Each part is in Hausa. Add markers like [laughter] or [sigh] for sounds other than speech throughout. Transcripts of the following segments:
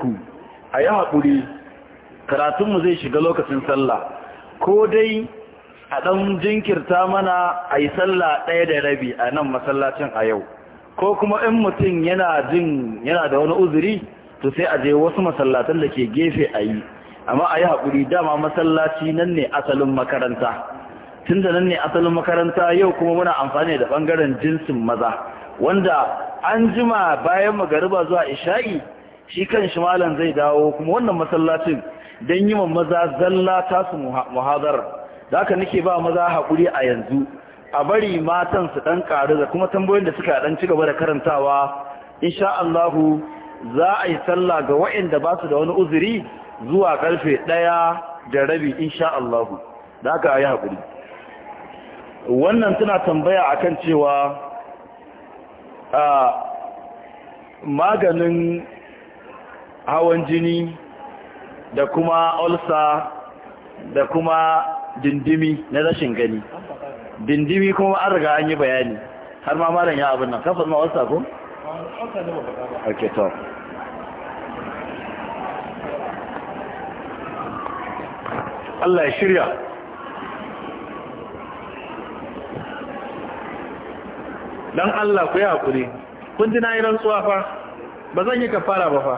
ku a yi haƙuri karatunmu zai shiga lokacin sallah ko dai a ɗan jinkirta mana a yi sallah ɗaya da rabi a nan masallacin a yau ko kuma in mutum yana jin yana da wani uzuri to sai a je wasu masallatan da ke gefe a yi amma a yi haƙuri dama masallaci nan ne asalin makaranta tun da nan ne asalin makaranta yau kuma muna amfani da ɓangaren jinsin maza wanda an jima bayan magariba zuwa isha'i shi kan shi malam zai dawo kuma wannan masallacin don yi maza zalla tasu muhazar da aka nake ba maza haƙuri a yanzu a bari matan su ɗan ƙaru da kuma tambayoyin da suka ɗan ci gaba da karantawa insha Allahu za a yi sallah ga waɗanda ba su da wani uzuri zuwa ƙarfe ɗaya da rabi insha Allahu da aka yi haƙuri wannan tana tambaya a kan cewa maganin hawan jini da kuma ulsa da kuma dindimi na rashin gani dindimi kuma an riga an yi bayani har ma malam ya abin nan kafa ma ulsa ko? ok to Allah ya shirya Dan Allah ku yi haƙuri kun ji na yi rantsuwa fa ba zan yi kafara ba fa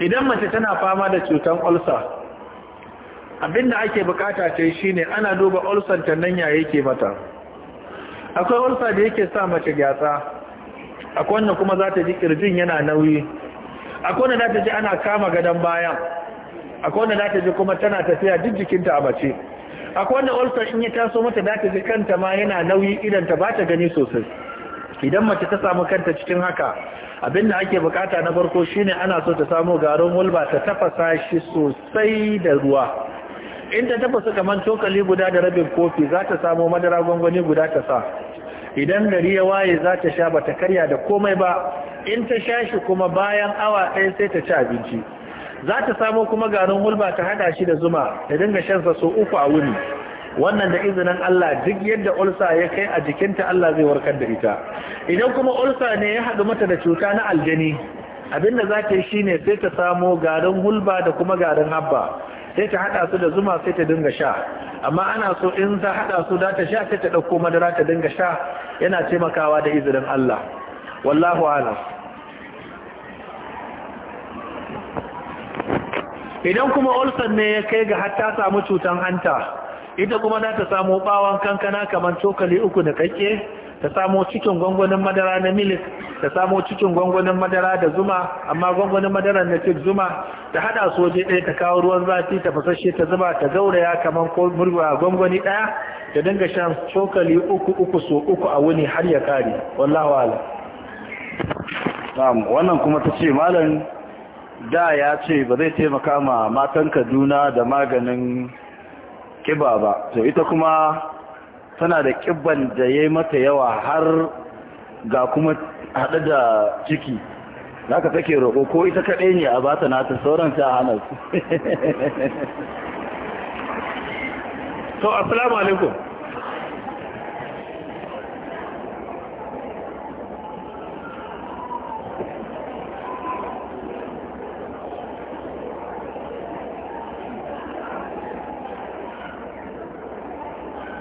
idan mace tana fama da cutan ulcer abinda ake bukata ce shine ana duba ulcer ta nan ya yake mata akwai ulcer da yake sa mace gyatsa akwai wanda kuma za ta ji kirjin yana nauyi akwai wanda za ta ji ana kama gadon bayan akwai wanda za ta ji kuma tana tafiya duk jikinta a mace akwai wanda ulcer in ya taso mata za ta ji kanta ma yana nauyi idan ta ba ta gani sosai idan mace ta samu kanta cikin haka Abin da ake bukata na farko shine ana so ta samu garin hulba ta tafasa shi sosai da ruwa in ta tafasa kamar cokali guda da rabin kofi za ta samu madara gwangwani guda ta sa idan gari ya waye za ta sha bata karya da komai ba in ta sha shi kuma bayan awa ɗaya sai ta ci abinci za ta samu kuma garin hulba ta haɗa shi da zuma ta dinga shansa so uku a wuni wannan da izinin Allah duk yadda ulsa ya kai a jikinta Allah zai warkar da ita idan kuma ulsa ne ya haɗu mata da cuta na aljani abinda za ta yi shi ne sai ta samo garin hulba da kuma garin habba sai ta haɗa su da zuma sai ta dinga sha amma ana so in ta haɗa su da ta sha sai ta ɗauko madara ta dinga sha yana taimakawa da izinin Allah wallahu alam idan kuma ulsan ne ya kai ga har ta samu cutan hanta ita kuma za ta samu bawon kankana kamar cokali uku da kake ta samu cikin gwangwanin madara na milik ta samu cikin gwangwanin madara da zuma amma gwangwanin madara na cik zuma ta hada soje ɗaya ta kawo ruwan zafi ta fasashe ta zuba ta gauraya kamar ko murwa gwangwani ɗaya ta dinga shan cokali uku uku so uku a wuni har ya kare wallahu ala wannan kuma ta ce malam da ya ce ba zai taimaka ma matan Kaduna da maganin kiba ba to ita kuma tana da kibban da ya yi mata yawa har ga kuma haɗe da ciki za ka take roƙo ko ita kaɗai ne a bata nata sauran ta hana su [laughs] to assalamu alaikum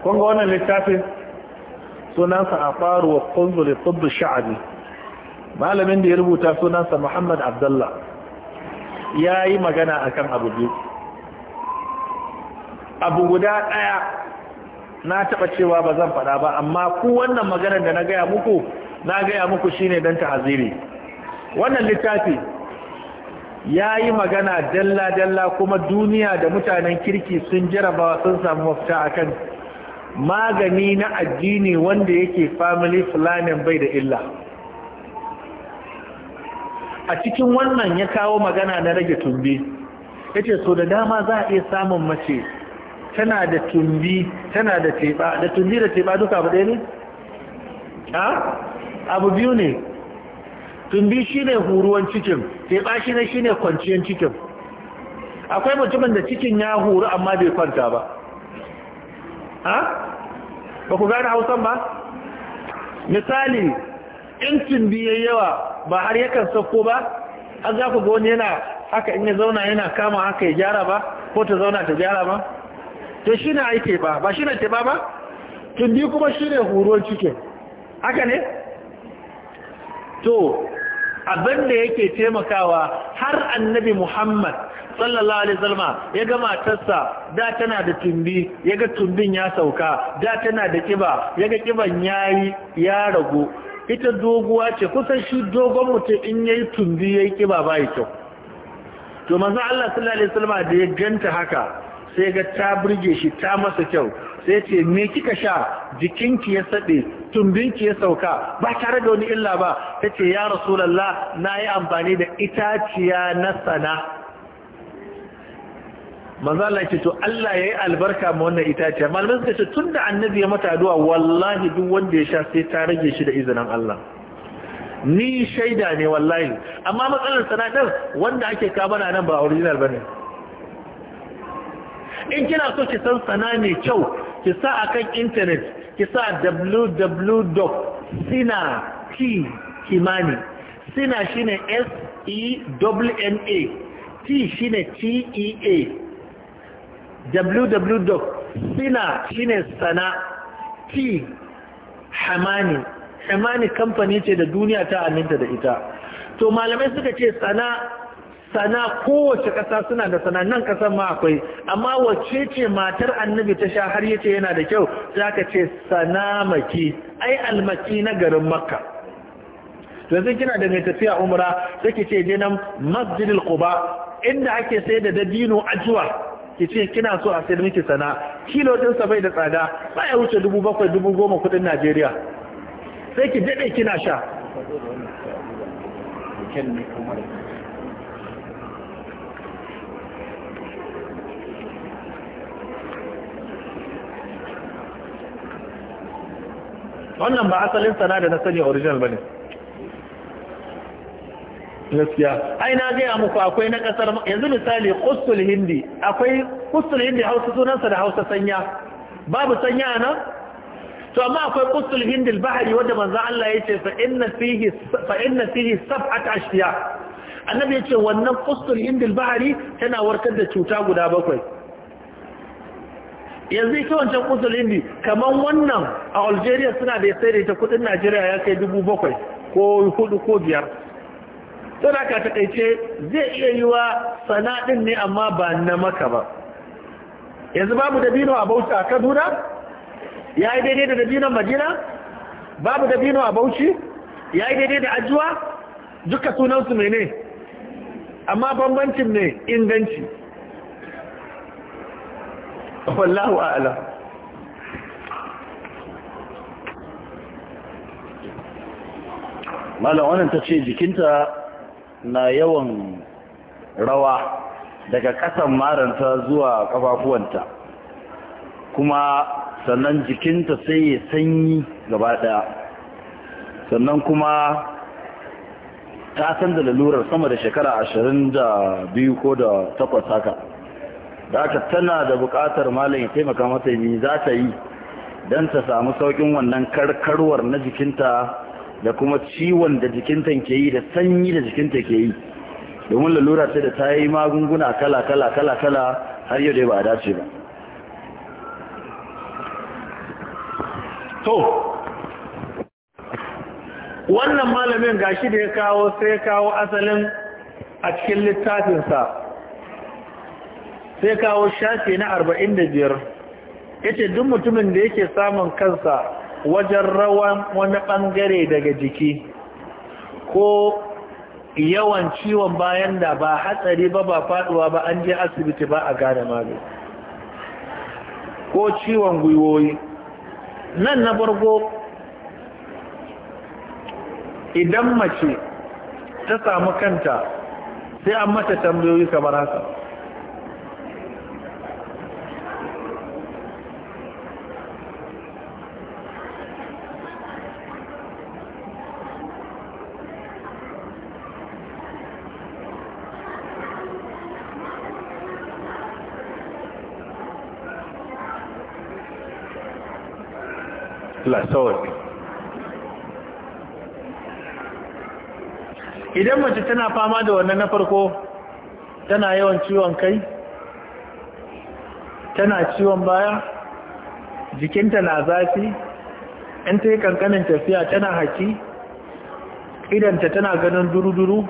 kun ga wannan littafin sunansa a faruwa kunzuli tsubbi malamin da ya rubuta sunansa muhammad abdullah ya yi magana a kan abu biyu abu guda ɗaya na taɓa cewa ba zan faɗa ba amma ku wannan maganar da na gaya muku na gaya muku shine don ta'aziri wannan littafi ya yi magana dalla-dalla kuma duniya da mutanen kirki sun jarabawa sun samu mafita akan magani na addini wanda yake family planning bai da illa a cikin wannan ya kawo magana na rage tumbi yace so da dama za a iya samun mace tana da tumbi tana da teba da tumbi da teba duka abu ɗaya ne ha abu biyu ne tumbi shine huruwan cikin teba shine shine kwanciyar cikin akwai mutumin da cikin ya huru amma bai kwanta ba ha ba ku gane hausan ba misali incin biye yawa ba har yakan sauko ba an za ku goni yana haka in ya zauna yana kama haka ya gyara ba ko ta zauna ta gyara ba ta shi na aike ba ba shi na ta ba Tun biyu kuma shi ne huruwar cike haka ne to abinda yake taimakawa har annabi muhammad sallallahu alaihi wasallam ya ga matarsa da tana da tumbi ya ga tumbin ya sauka da tana da kiba ya ga kiban yayi ya ragu ita doguwa ce kusan shi dogon mutum in yayi tumbi yayi kiba bai kyau to manzo Allah sallallahu alaihi wasallam da ya ganta haka sai ga ta burge shi ta masa kyau sai ce me kika sha jikinki ya saɗe tumbinki ya sauka ba tare da wani illa ba ta ce ya rasulallah na yi amfani da itaciya na sana manzo Allah to Allah yayi albarka ma wannan itaciya malamai suka ce tunda annabi ya mata addu'a wallahi duk wanda ya sha sai ta rage shi da izinin Allah ni shaida ne wallahi amma matsalar sanadar wanda ake kama nan ba original bane in kina so ki san sana mai kyau ki sa akan intanet ki sa www.sina.kimani sina shine s e w n a t shine t e a www sina shine sana t hamani hamani kamfani ce da duniya ta aminta da ita to malamai suka ce sana sana kowace kasa suna da sana nan kasan ma akwai amma wace ce matar annabi ta sha har yace yana da kyau za ka ce sana maki ai almaki na garin makka yanzu kina da mai tafiya umra take ce je nan masjidil quba inda ake sai da dabino ajuwa ki ce kina so a sayar miki sana kilo din sa bai da tsada ba ya wuce dubu bakwai dubu goma kudin Najeriya sai ki dade kina sha wannan ba asalin sana da na sani original bane gaskiya ai na gaya muku akwai na kasar yanzu misali kustul hindi akwai kustul hindi hausa sunansa da hausa sanya babu sanya nan to amma akwai kustul hindi bahari wanda manza Allah ya ce fa inna fihi fa inna fihi annabi ya ce wannan kustul hindi bahari tana warkar da cuta guda bakwai yanzu ita wancan kustul hindi kamar wannan a Algeria suna da sai da ita kudin Najeriya ya kai bakwai ko hudu ko biyar. don haka takaice zai iya yi wa sana'in ne amma ba na maka ba yanzu babu dabino a bauta a kaduna ya yi daidai da dabinon madina babu dabino a bauchi ya yi daidai da ajuwa duka sunansu mai ne amma bambancin ne inganci wallahu a'ala malam wannan ta ce jikinta na yawan rawa daga ƙasan maranta zuwa kafafuwanta, kuma sannan jikinta sai ya sanyi gaba daya sannan kuma ta san da lalurar sama da shekara ashirin da biyu ko da takwas haka da aka tana da buƙatar malam ya taimaka mata yi, za ta yi don ta samu sauƙin wannan karkarwar na jikinta da kuma ciwon da jikinta ke yi da sanyi da jikinta ke yi domin lalura ce da ta yi magunguna kala kala kala kala har yau dai ba a dace ba to wannan malamin gashi da ya kawo sai ya kawo asalin a cikin littafinsa sai kawo shafi na arba'in da biyar. ya ce duk mutumin da yake samun kansa wajen rawan wani ɓangare daga jiki ko yawan ciwon bayan da ba hatsari ba ba faɗuwa ba an je asibiti ba a gane magani ko ciwon gwiwoyi nan na bargo idan mace ta samu kanta sai an mata tambayoyi kamar haka Allah sawar idan mace tana fama da wannan na farko tana yawan ciwon kai tana ciwon baya jikinta na zafi in ta yi kankanin tafiya tana haki idanta tana ganin duru-duru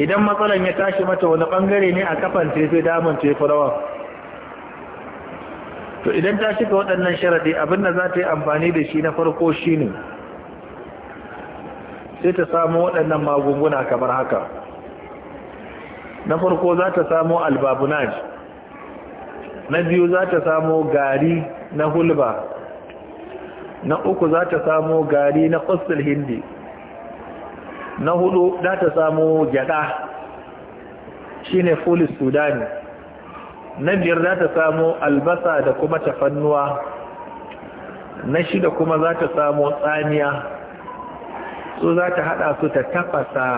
idan matsalan ya tashi mata wani bangare ne a kafan tefe damun tefe rawar. to idan ta cika waɗannan sharaɗi abin da za ta yi amfani da shi na farko shi ne sai ta samu waɗannan magunguna kamar haka na farko za ta samu albabunaj na biyu za ta samu gari na hulba na uku za ta samu gari na kusur hindi na hudu za ta samu gyada shi ne fulis sudani na biyar za ta samo albasa da kuma tafannuwa na shida kuma za ta samo tsamiya su za ta hada su ta tafasa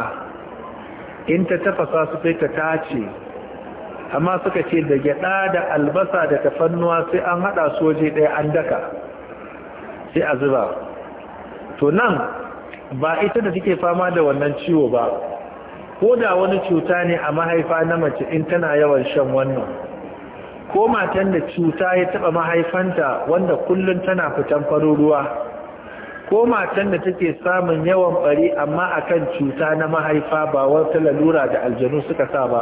in ta tafasa su sai ta tace amma suka ce da gyada da albasa da tafannuwa sai an hada su waje daya an daka sai a zuba to nan ba ita da take fama da wannan ciwo ba ko da wani cuta ne a mahaifa na mace in tana yawan shan wannan ko matan da cuta ya taba mahaifanta wanda kullum tana fitan farin ruwa ko matan da take samun yawan bari amma akan cuta na mahaifa ba wata lalura da aljanu suka sa ba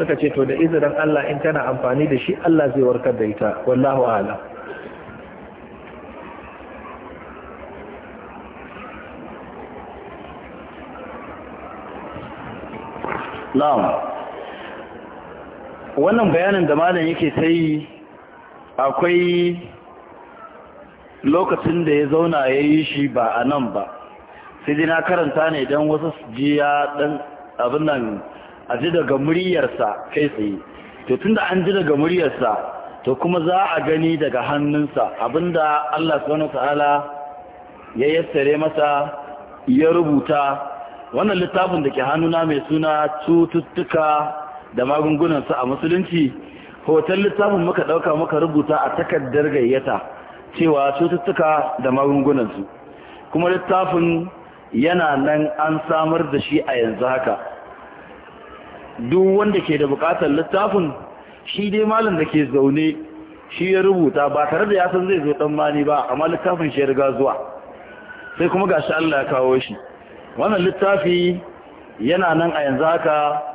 suka ce to da izinin Allah in tana amfani da shi Allah zai warkar da ita wallahu a'lam wannan bayanin da malam yake ta akwai lokacin da ya zauna ya yi shi ba a nan ba sai dai karanta ne don wasu ji ya dan abin nan a ji daga muryarsa kai tsaye to tun da an ji daga muryarsa to kuma za a gani daga hannunsa abinda Allah subhanahu ta'ala ya yassare masa ya rubuta wannan littafin da ke hannuna mai suna cututtuka da magungunansu a musulunci hoton littafin muka ɗauka muka rubuta a takardar gayyata cewa cututtuka da magungunansu kuma littafin yana nan an samar da shi a yanzu haka duk wanda ke da buƙatar littafin shi dai malam da ke zaune shi ya rubuta ba tare da ya san zai zo dan mani ba amma littafin shi ya riga zuwa sai kuma ga shi Allah ya kawo shi wannan littafi yana nan a yanzu haka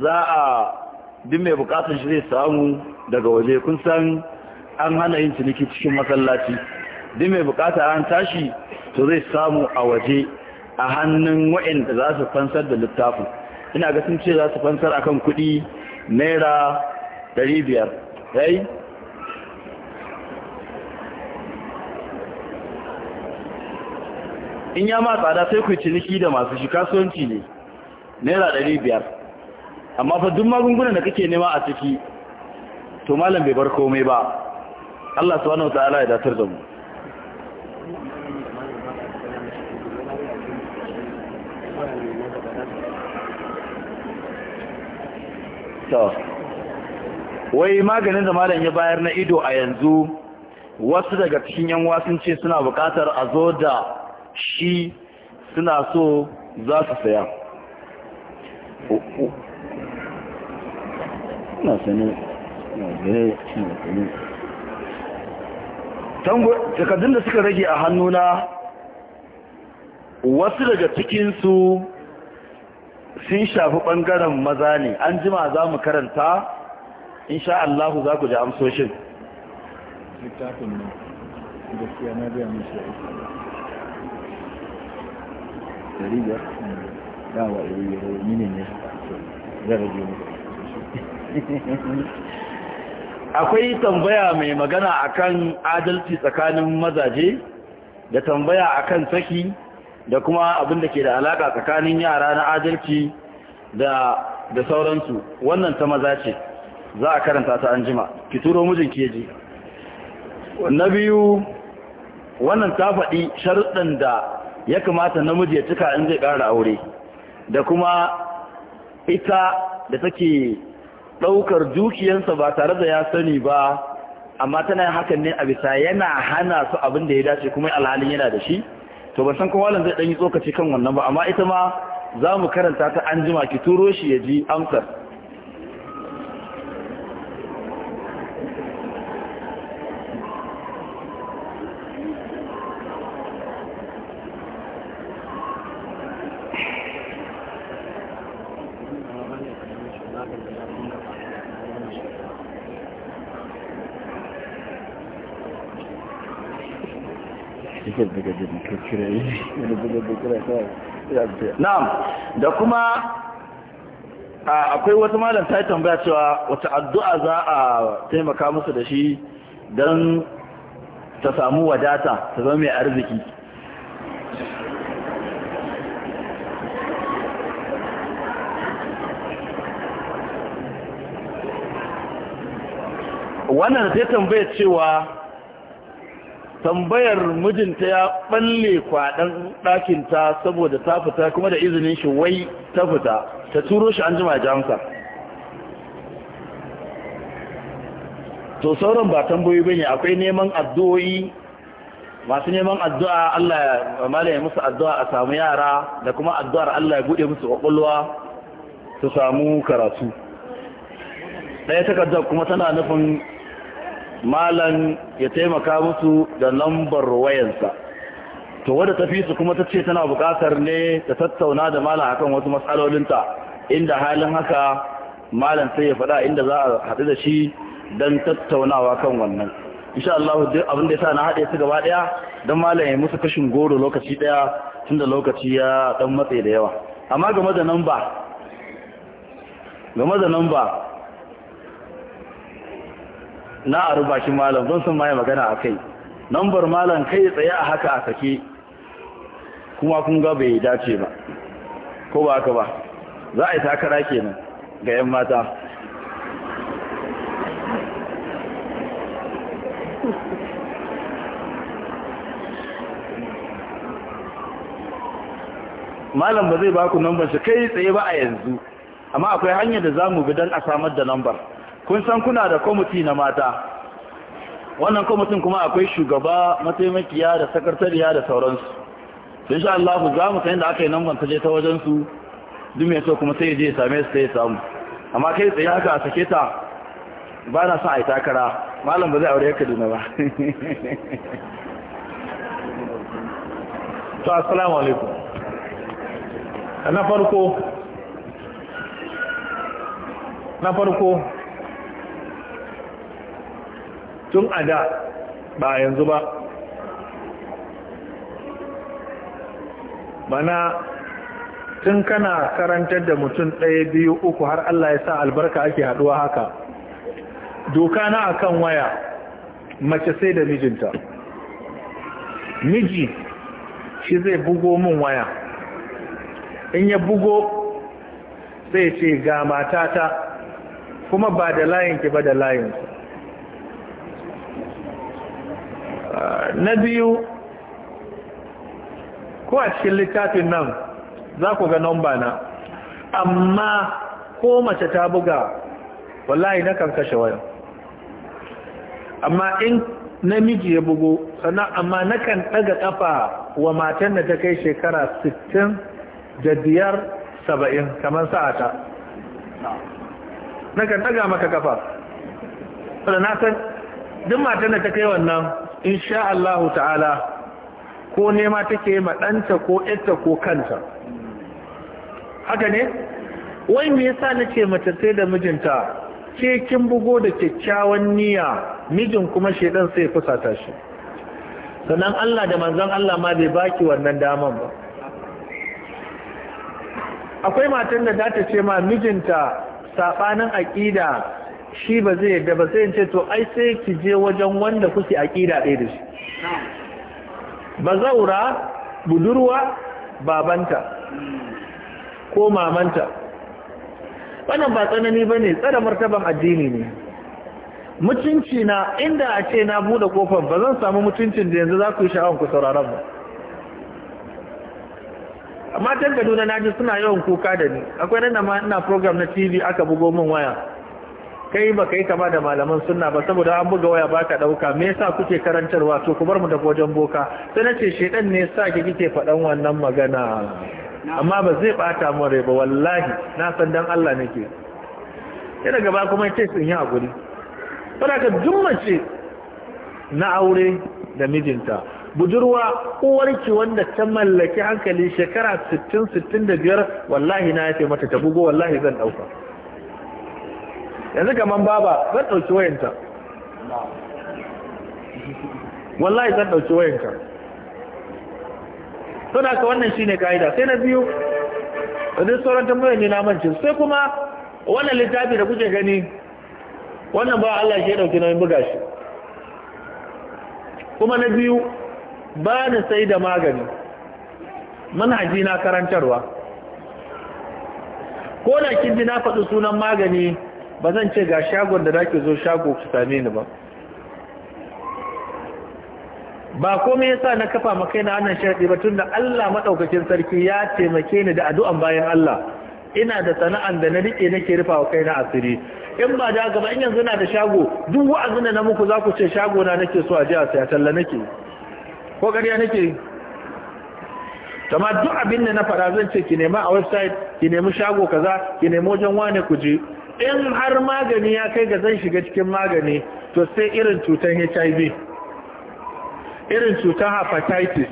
za a duk mai bukatar shi zai samu daga waje kun san an hana yin ciniki cikin masallaci duk mai bukata an tashi to zai samu a waje a hannun waɗanda za su fansar da littafin ina ga sun ce za su fansar akan kuɗi naira 500 biyar in ya ma tsada sai ku ciniki da masu shi kasuwanci ne naira ɗari biyar amma fa duk magungunan da kake nema a ciki to malam bai bar komai ba Allah subhanahu wataala ya datar da mu wai maganin da malam ya bayar na ido a yanzu wasu daga cikin yan wasun ce suna bukatar a zo da shi suna so za su saya na sani na na sani takardun da suka rage a hannuna wasu daga cikinsu sun shafi ɓangaren maza ne an jima za mu karanta sha Allah za ku ji amsoshin littafin nan hmm. ne [laughs] akwai tambaya mai magana akan adalci tsakanin mazaje da tambaya akan saki da kuma abin da ke da alaka tsakanin yara na adalci da da sauransu wannan ta maza ce za a karanta ta anjima ki turo mijin keji na biyu wannan ta faɗi sharuɗin da ya kamata namiji ya cika in zai ƙara aure da kuma ita da take ɗaukar dukiyansa ba tare da ya sani ba amma tana hakan ne a bisa yana hana su abin da ya dace kuma alhalin yana da shi to ban san kuma wannan zai dan yi tsokaci kan wannan ba amma ita ma za mu karanta ta an jima ki turo shi ya ji amsar da kuma akwai wata malam ta yi tambaya cewa wata addu'a za a taimaka musu da shi don ta samu wadata ta zama mai arziki wannan sai tambaya cewa tambayar mijinta ya balle kwaɗan ɗakinta saboda ta fita kuma da izinin shi wai ta fita ta turo shi an jima jamsa to sauran ba tambayoyi bane akwai neman addu'o'i masu neman addu'a Allah ya malaye musu addu'a a samu yara da kuma addu'ar Allah ya buɗe musu ƙwaƙwalwa su samu karatu ɗaya takardar kuma tana nufin malan ya taimaka musu da lambar wayansa to wadda ta fisu su kuma ta ce tana bukatar ne ta tattauna da malan akan wasu matsalolinta inda halin haka malan sai ya faɗa inda za a haɗu da shi don tattaunawa kan wannan insha Allah abin da yasa na haɗe su gaba ɗaya don malam ya musu kashin goro lokaci ɗaya tunda lokaci ya dan matse da yawa amma game da namba game da namba na a ruba malam don sun maye magana a kai nambar malam kai tsaye a haka a sake kuma kun ga bai dace ba ko ba haka ba za a yi takara kenan ga 'yan mata malam ba zai ba ku nambar shi kai tsaye ba a yanzu amma akwai hanyar da za mu bi don a samar da nambar kun san kuna da kwamiti na mata wannan kwamitin kuma akwai shugaba mataimakiya da sakatariya da sauransu sun sha Allah za mu san da aka yi nan ta je ta wajensu su duk mai so kuma sai ya je same su sai ya samu amma kai tsaye haka a sake ta ba na son a yi takara malam ba zai aure ya kaduna ba [laughs] to assalamu alaikum na farko na farko tun a da ba yanzu ba mana tun kana karantar da mutum ɗaya biyu uku har Allah ya sa albarka ake haɗuwa haka doka na akan waya mace sai da mijinta miji shi zai bugo min waya in ya bugo sai ce ga matata kuma ba da layinki ba da su. na biyu ko a cikin littafin nan za ku ga nomba na amma ko mace ta buga wallahi na kan kashe waya amma in namiji ya bugo sannan amma na kan ɗaga ƙafa wa matan da ta kai shekara 60 da biyar saba'in kamar sa'ata na kan ɗaga maka ƙafa sannan na san duk matan da ta kai wannan sha Allah ta'ala ko nema take ma danta ko ita ko kanta haka ne wai me yasa nace mace sai da mijinta ke kin bugo da kyakkyawan niyya mijin kuma shedan sai fusata shi sannan Allah da manzon Allah ma bai baki wannan daman ba akwai matan da za ta ce ma mijinta sabanin aƙida shi ba zai yadda ba sai ce to ai sai ki je wajen wanda kuke aqida ɗaya da shi bazaura budurwa babanta ko mamanta wannan ba tsanani bane tsara martaban addini ne mutunci na inda a ce na bude kofar ba zan samu mutuncin da yanzu za ku yi sha'awar ku sauraron ba matan kaduna na ji suna yawan kuka da ni akwai nan na program na tv aka bugo min waya kai ba kai kama da malaman sunna ba saboda an buga waya baka dauka me yasa kuke karantarwa to ku bar mu da wajen boka sai nace shedan ne yasa ki kike fadan wannan magana amma ba zai bata mu rai ba wallahi na san dan Allah nake sai daga ba kuma ce sun yi hakuri saboda jummace na aure da mijinta budurwa uwarki wanda ta mallaki hankali shekara 60 65 wallahi na yace mata ta bugo wallahi zan dauka yanzu kaman baba zan ɗauki wayanta wallahi zan ɗauki wayanta to da ka wannan shi ne kaida sai na biyu da sauran tambayoyin ne na mance sai kuma wannan littafi da kuke gani wannan ba Allah shi ya dauki nauyin buga shi kuma na biyu ba ni sai da magani manhaji na karantarwa ko da kin ji na faɗi sunan magani ba zan ce ga shagon da ke zo shago ku same ni ba ba komai yasa na kafa maka na wannan sharadi ba tunda Allah madaukakin sarki ya taimake ni da addu'an bayan Allah ina da sana'an da na rike nake rufa wa kaina asiri in ba da gaba in yanzu na da shago duk wa'azin da na muku za ku ce shago na nake so a je a saya talla nake ko ƙarya nake amma duk abin da na fara zan ce ki nema a website ki nemi shago kaza ki nemi wajen wane ku je in har magani ya kai ga zan shiga cikin magani to sai irin cutar hiv irin cutar hepatitis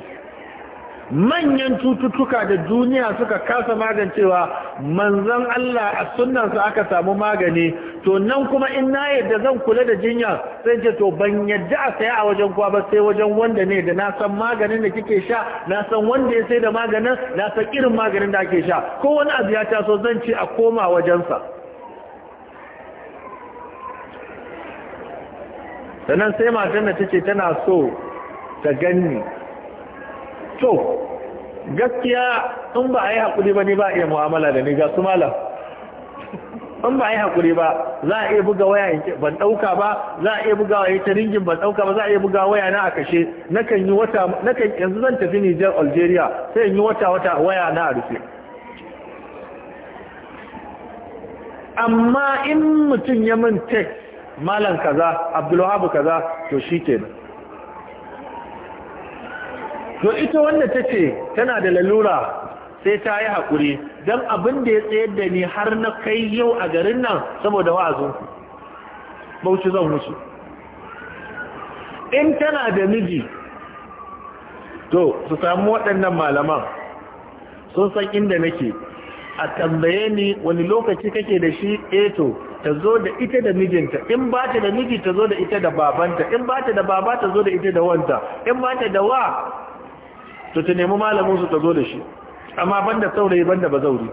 manyan cututtuka da duniya suka kasa magancewa manzan Allah a sunansa aka samu magani to nan kuma in na yadda zan kula da jinya sai ce to ban yadda a saya a wajen kuwa ba sai wajen wanda ne da na san maganin da kike sha na san wanda ya sai da maganin na san irin maganin da ake sha ko wani abu ya taso zan ce a koma wajensa sannan sai matan da ce tana so ta ganni to gaskiya in ba a yi haƙuri ba ni ba a iya mu'amala da ni ga su malam in ba a yi haƙuri ba za a iya buga waya ban ɗauka ba za a iya buga waya ta ringin ban ɗauka ba za a iya buga waya na a kashe nakan yi wata nakan yanzu zan tafi Nijar Algeria sai in yi wata wata waya na a rufe amma in mutum ya min text malam kaza abdulwahab kaza to shikenan to ita wanda tace tana da lalura sai ta yi hakuri dan abin da ya tsayar da ni har na kai yau a garin nan saboda wa'azin bauchi zan musu in tana da miji to su samu waɗannan malaman sun san inda nake a tambaye ni wani lokaci kake da shi eto eh ta zo da ita da mijinta in ba ta da miji ta zo da ita da babanta in ba ta da baba ta zo da ita da wanta in ba ta da wa to ta nemi malamin su ta zo da shi amma banda saurayi banda bazauri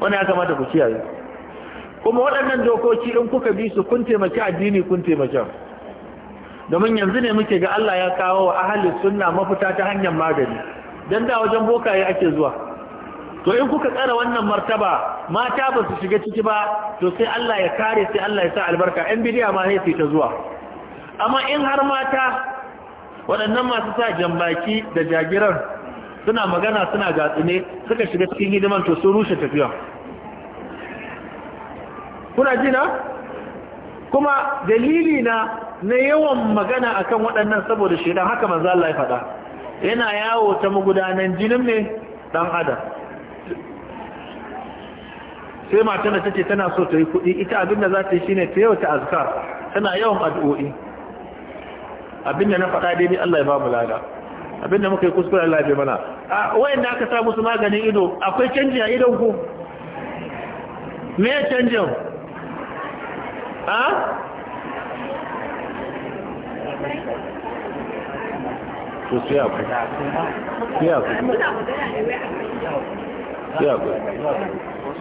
wani ya kamata ku kiyaye kuma waɗannan dokoki in kuka bi su kun taimaki addini kun taimaki domin yanzu ne muke ga Allah ya kawo wa ahalin sunna mafita ta hanyar magani dan da wajen bokaye ake zuwa to in kuka tsara wannan martaba mata ba su shiga ciki ba to sai Allah ya kare sai Allah ya sa albarka yan bidiya ma sai ta zuwa amma in har mata waɗannan masu sa jambaki da jagiran suna magana suna gatsune suka shiga cikin hidiman to sun rushe tafiya kuna ji na kuma dalili na na yawan magana akan waɗannan saboda shaidan haka manzo Allah ya faɗa yana yawo ta magudanan jinin ne dan adam sai matan da take tana so ta yi kuɗi ita abin da za ta yi shine ta yawa ta azkar tana yawan addu'o'i abin da na faɗa dai ni Allah ya ba mu lada abin da muka yi kuskure Allah ya mana a da aka sa musu maganin ido akwai canji a idon ku me ya canjin a to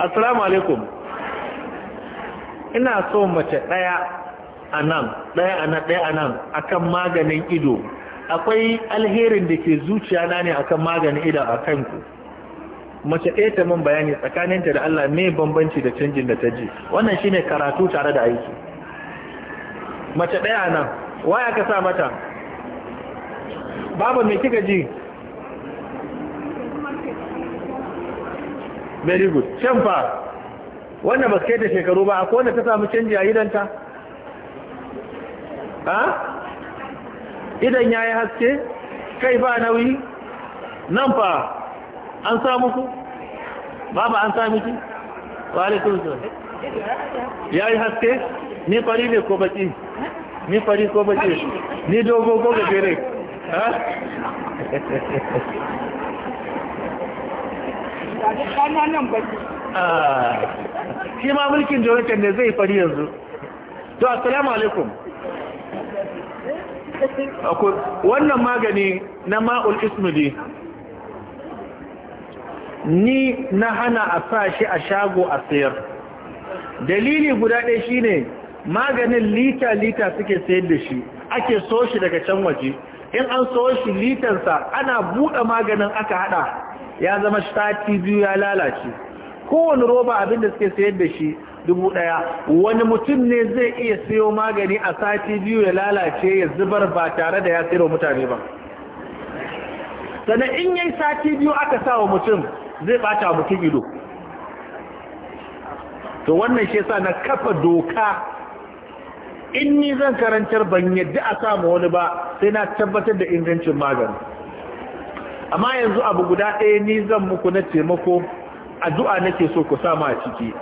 assalamu alaikum ina so mace ɗaya a nan ɗaya a nan ɗaya a nan akan maganin ido akwai alherin da ke zuciya na ne akan maganin ido a kanku mace ɗaya ta min bayani tsakaninta da Allah ne bambanci da canjin da ta ji wannan shine karatu tare da aiki mace ɗaya nan waya ka sa mata Baba me kika ji very good can fa wanda ba kai da shekaru ba akwai wanda ta samu canji a idanta ha idan ya yi haske kai ba nauyi nan fa an samu ku baba an sami ki wa alaikum su ya yi haske ni fari ne ko baki ni fari ko baki ni dogo ko gajere ha [laughs] Ah. shi ma mulkin jonathan ne zai fari yanzu to assalamu alaikum wannan magani na ma'ul ismidi ni na hana a sa shi a shago a sayar dalili guda ɗaya shine maganin lita-lita suke sayar da shi ake so shi daga can waje in an so shi litansa ana buɗe maganin aka hada ya zama sati biyu ya lalace kowane roba abinda suke sayar da shi dubu ɗaya wani mutum ne zai iya sayo magani a sati biyu ya lalace ya zubar ba tare da ya sayar mutane ba sannan in yi sati biyu aka sa wa mutum zai bata mutum ido to wannan shi yasa na kafa doka in ni zan karantar ban yadda a samu wani ba sai na tabbatar da ingancin magani amma yanzu abu guda ɗaya ni zan muku na taimako addu'a nake so ku sama a ciki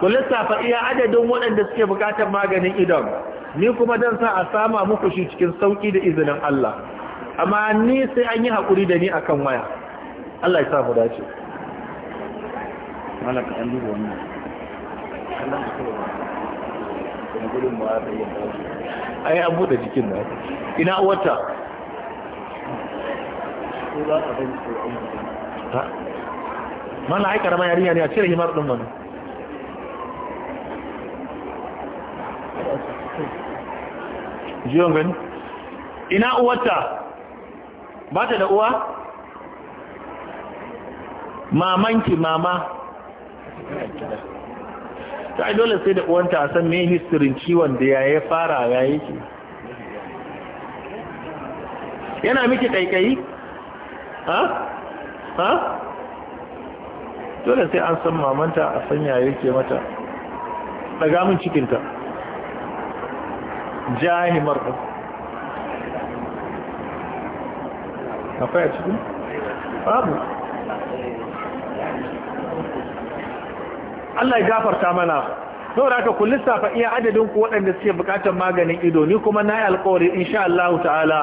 ku lissafa iya adadin waɗanda suke buƙatar maganin idon ni kuma dan sa a sama muku shi cikin sauki da izinin Allah amma ni sai an yi haƙuri da ni akan waya Allah ya sa mu dace malaka an duba wannan kallon da kuma gudun ma ai an bude jikin na ina wata ko a bari ko mana ai karama yarinya ne a cire himar din mana jiyon gani ina uwarta ba ta da uwa mamanki mama ta yi dole sai da uwanta a san mai historin ciwon da ya yi fara ya yake yana miki kaikayi ha ha dole sai an san mamanta a sanya yake mata daga min cikinta jahimar ɗin cikin babu Allah ya gafarta mana saboda haka ku lissafa iya adadin ku waɗanda suke bukatar maganin ido ni kuma na yi alƙawari insha Allah ta'ala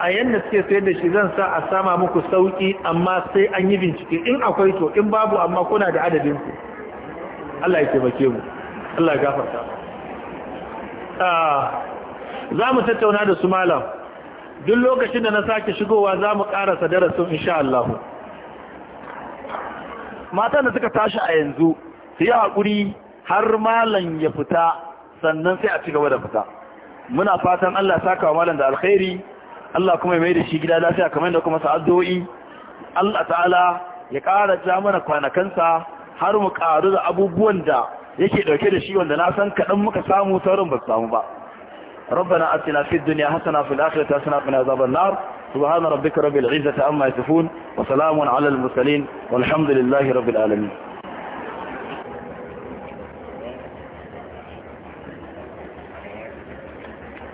a yadda suke sayar da shi zan sa a sama muku sauki amma sai an yi bincike in akwai to in babu amma kuna da adadin ku Allah ya taimake mu Allah ya gafarta ah, za mu tattauna da su malam duk lokacin da na sake shigowa za mu sa darasin insha Allah matan da suka tashi a yanzu su yi haƙuri har malam ya fita sannan sai a ci gaba da fita muna fatan Allah ya saka wa malam da alkhairi Allah kuma ya mai da shi gida lafiya kamar da kuma sa'addo'i Allah ta'ala ya kara ja mana kwanakansa har mu karu da abubuwan da yake ɗauke da shi wanda na san kaɗan muka samu saurin ba samu ba rabbana atina fid dunya hasana fil akhirati hasana qina azaban nar subhana rabbika rabbil izzati amma yasifun wa salamun alal mursalin walhamdulillahi rabbil alamin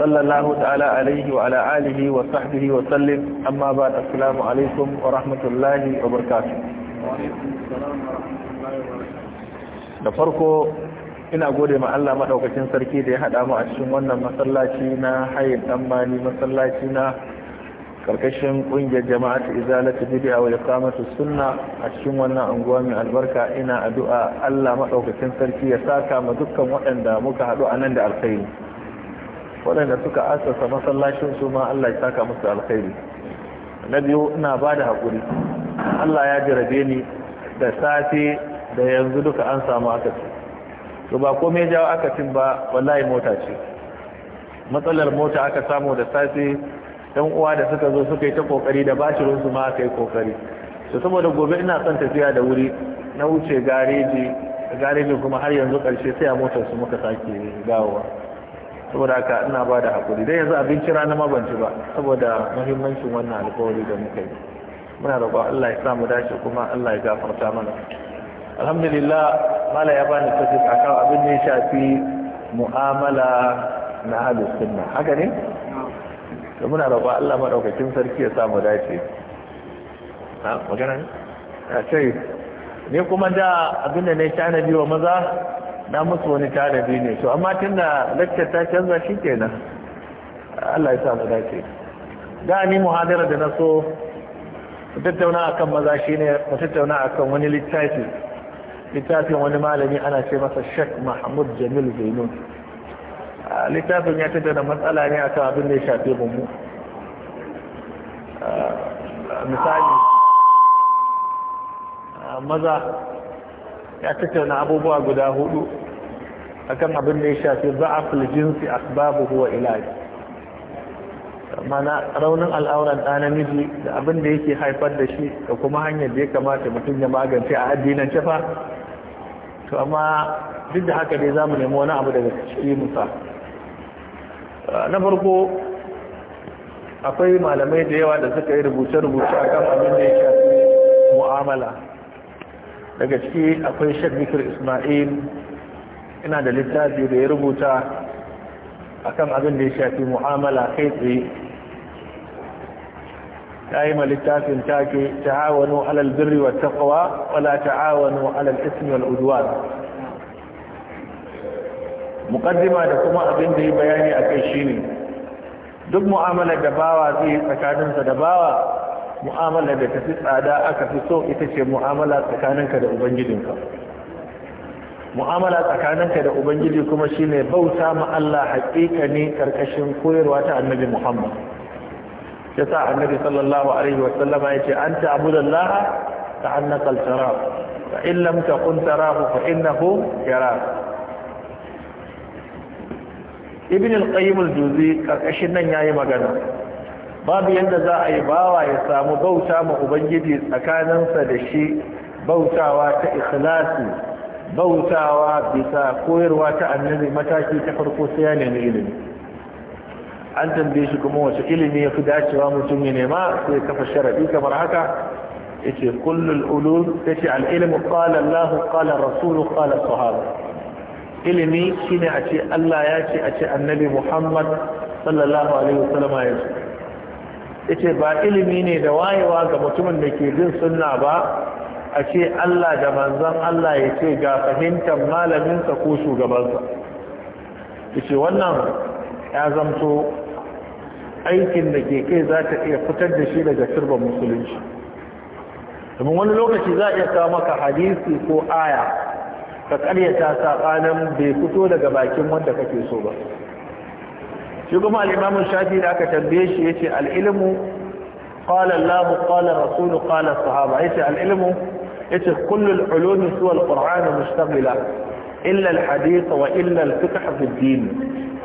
صلى الله تعالى wa وعلى wa وصحبه amma ba بعد السلام عليكم ورحمة الله وبركاته da farko ina gode ma Allah madaukakin sarki da ya hada mu a cikin wannan masallaci na hayin tsammani masallaci na karkashin kungiyar jama'atu izalatu bid'a wa iqamatu sunna a cikin wannan anguwa mai albarka ina addu'a Allah madaukakin sarki ya saka ma dukkan waɗanda muka hadu a nan da alkhairi waɗanda suka asasa masallacin su ma Allah ya saka musu alkhairi na biyu ina ba da haƙuri Allah ya jarabe ni da safe da yanzu duka an samu akaci. to ba komai jawo akasin ba wallahi mota ce matsalar mota aka samu da safe dan uwa da suka zo suka yi ta kokari da bashirin su ma aka yi kokari to saboda gobe ina son tafiya da wuri na wuce gareji gareji kuma har yanzu karshe sai a motar su muka sake gawowa saboda haka ina ba da haƙuri dai yanzu abinci rana ma ban ci ba saboda muhimmancin wannan alƙawari da muka yi muna ba Allah ya sa mu dace kuma Allah ya gafarta mana alhamdulillah mala ya bani tafsir aka abin da ya shafi mu'amala na ahlus sunna haka ne to muna da ba Allah madaukakin sarki ya sa mu dace ha magana ne a ce ne kuma da abin da ne tanadi wa maza na musu wani tanadi ne to amma tun da lakcar ta canza shi ke nan Allah ya sa mu dace da ni muhadara da na so mu tattauna akan maza shine mu tattauna akan wani littafi littafin wani malami ana ce masa shek Mahmud Jamil Zainun littafin ya tattauna matsala ne akan abin da ya shafe mu misali maza ya tattauna abubuwa guda hudu akan abin da ya shafi za'aful jinsi huwa wa amma mana raunin al'auran ɗa namiji da abin da yake haifar da shi da kuma hanyar da ya kamata mutum ya magance a addinin cefa to amma duk da haka dai za mu nemi wani abu daga ciki musa na farko akwai malamai da yawa da suka yi rubuce-rubuce akan abin da ya shafi mu'amala daga ciki akwai shek bikir ismail ina da littafi da ya rubuta akan abin da ya shafi mu'amala kai tsaye ta yi ma littafin take ta'awanu alal birri wa taqwa wala ta'awanu alal ismi wal udwan muqaddima da kuma abin da ya bayani kai shine duk mu'amalar da bawa zai tsakaninsa da bawa mu'amala da tafi tsada aka fi so ita ce mu'amala tsakaninka da ubangijinka mu'amala tsakaninka da ubangiji kuma shine bauta ma Allah haƙiƙa ne karkashin koyarwa ta annabi Muhammad Ya sa annabi sallallahu alaihi wasallama ya ce an ta'budallaha ka annaka tara fa in lam takun tarahu fa innahu yarak ibn al-qayyim al-juzi karkashin nan yayi magana babu yadda za a yi bawa ya samu bauta ma ubangiji tsakaninsa da shi bautawa ta ikhlasi bautawa bisa koyarwa ta annabi mataki ta farko sai ya nemi ilimi an tambaye shi kuma wace ilimi ya fi dacewa mutum ya nema sai kafa sharadi kamar haka yace kullul ulum yace al ilmu qala Allah qala rasul qala sahaba ilimi shine a ce Allah ya ce a ce annabi Muhammad sallallahu alaihi wasallam ya ce yace ba ilimi ne da wayewa ga mutumin da ke bin sunna ba a ce Allah da manzon Allah ya ce ga fahimtar malaminsa ko shugabansa yace wannan ya zamto aikin da ke kai za ta iya fitar da shi daga turban musulunci domin wani lokaci za a iya kawo maka hadisi ko aya ka karyata saƙanin bai fito daga bakin wanda kake so ba شكما الإمام الشافعي لك تنبيش يتي العلم قال الله قال الرسول قال الصحابة يتي العلم يتي كل العلوم سوى القرآن مشتغلة إلا الحديث وإلا الفتح في الدين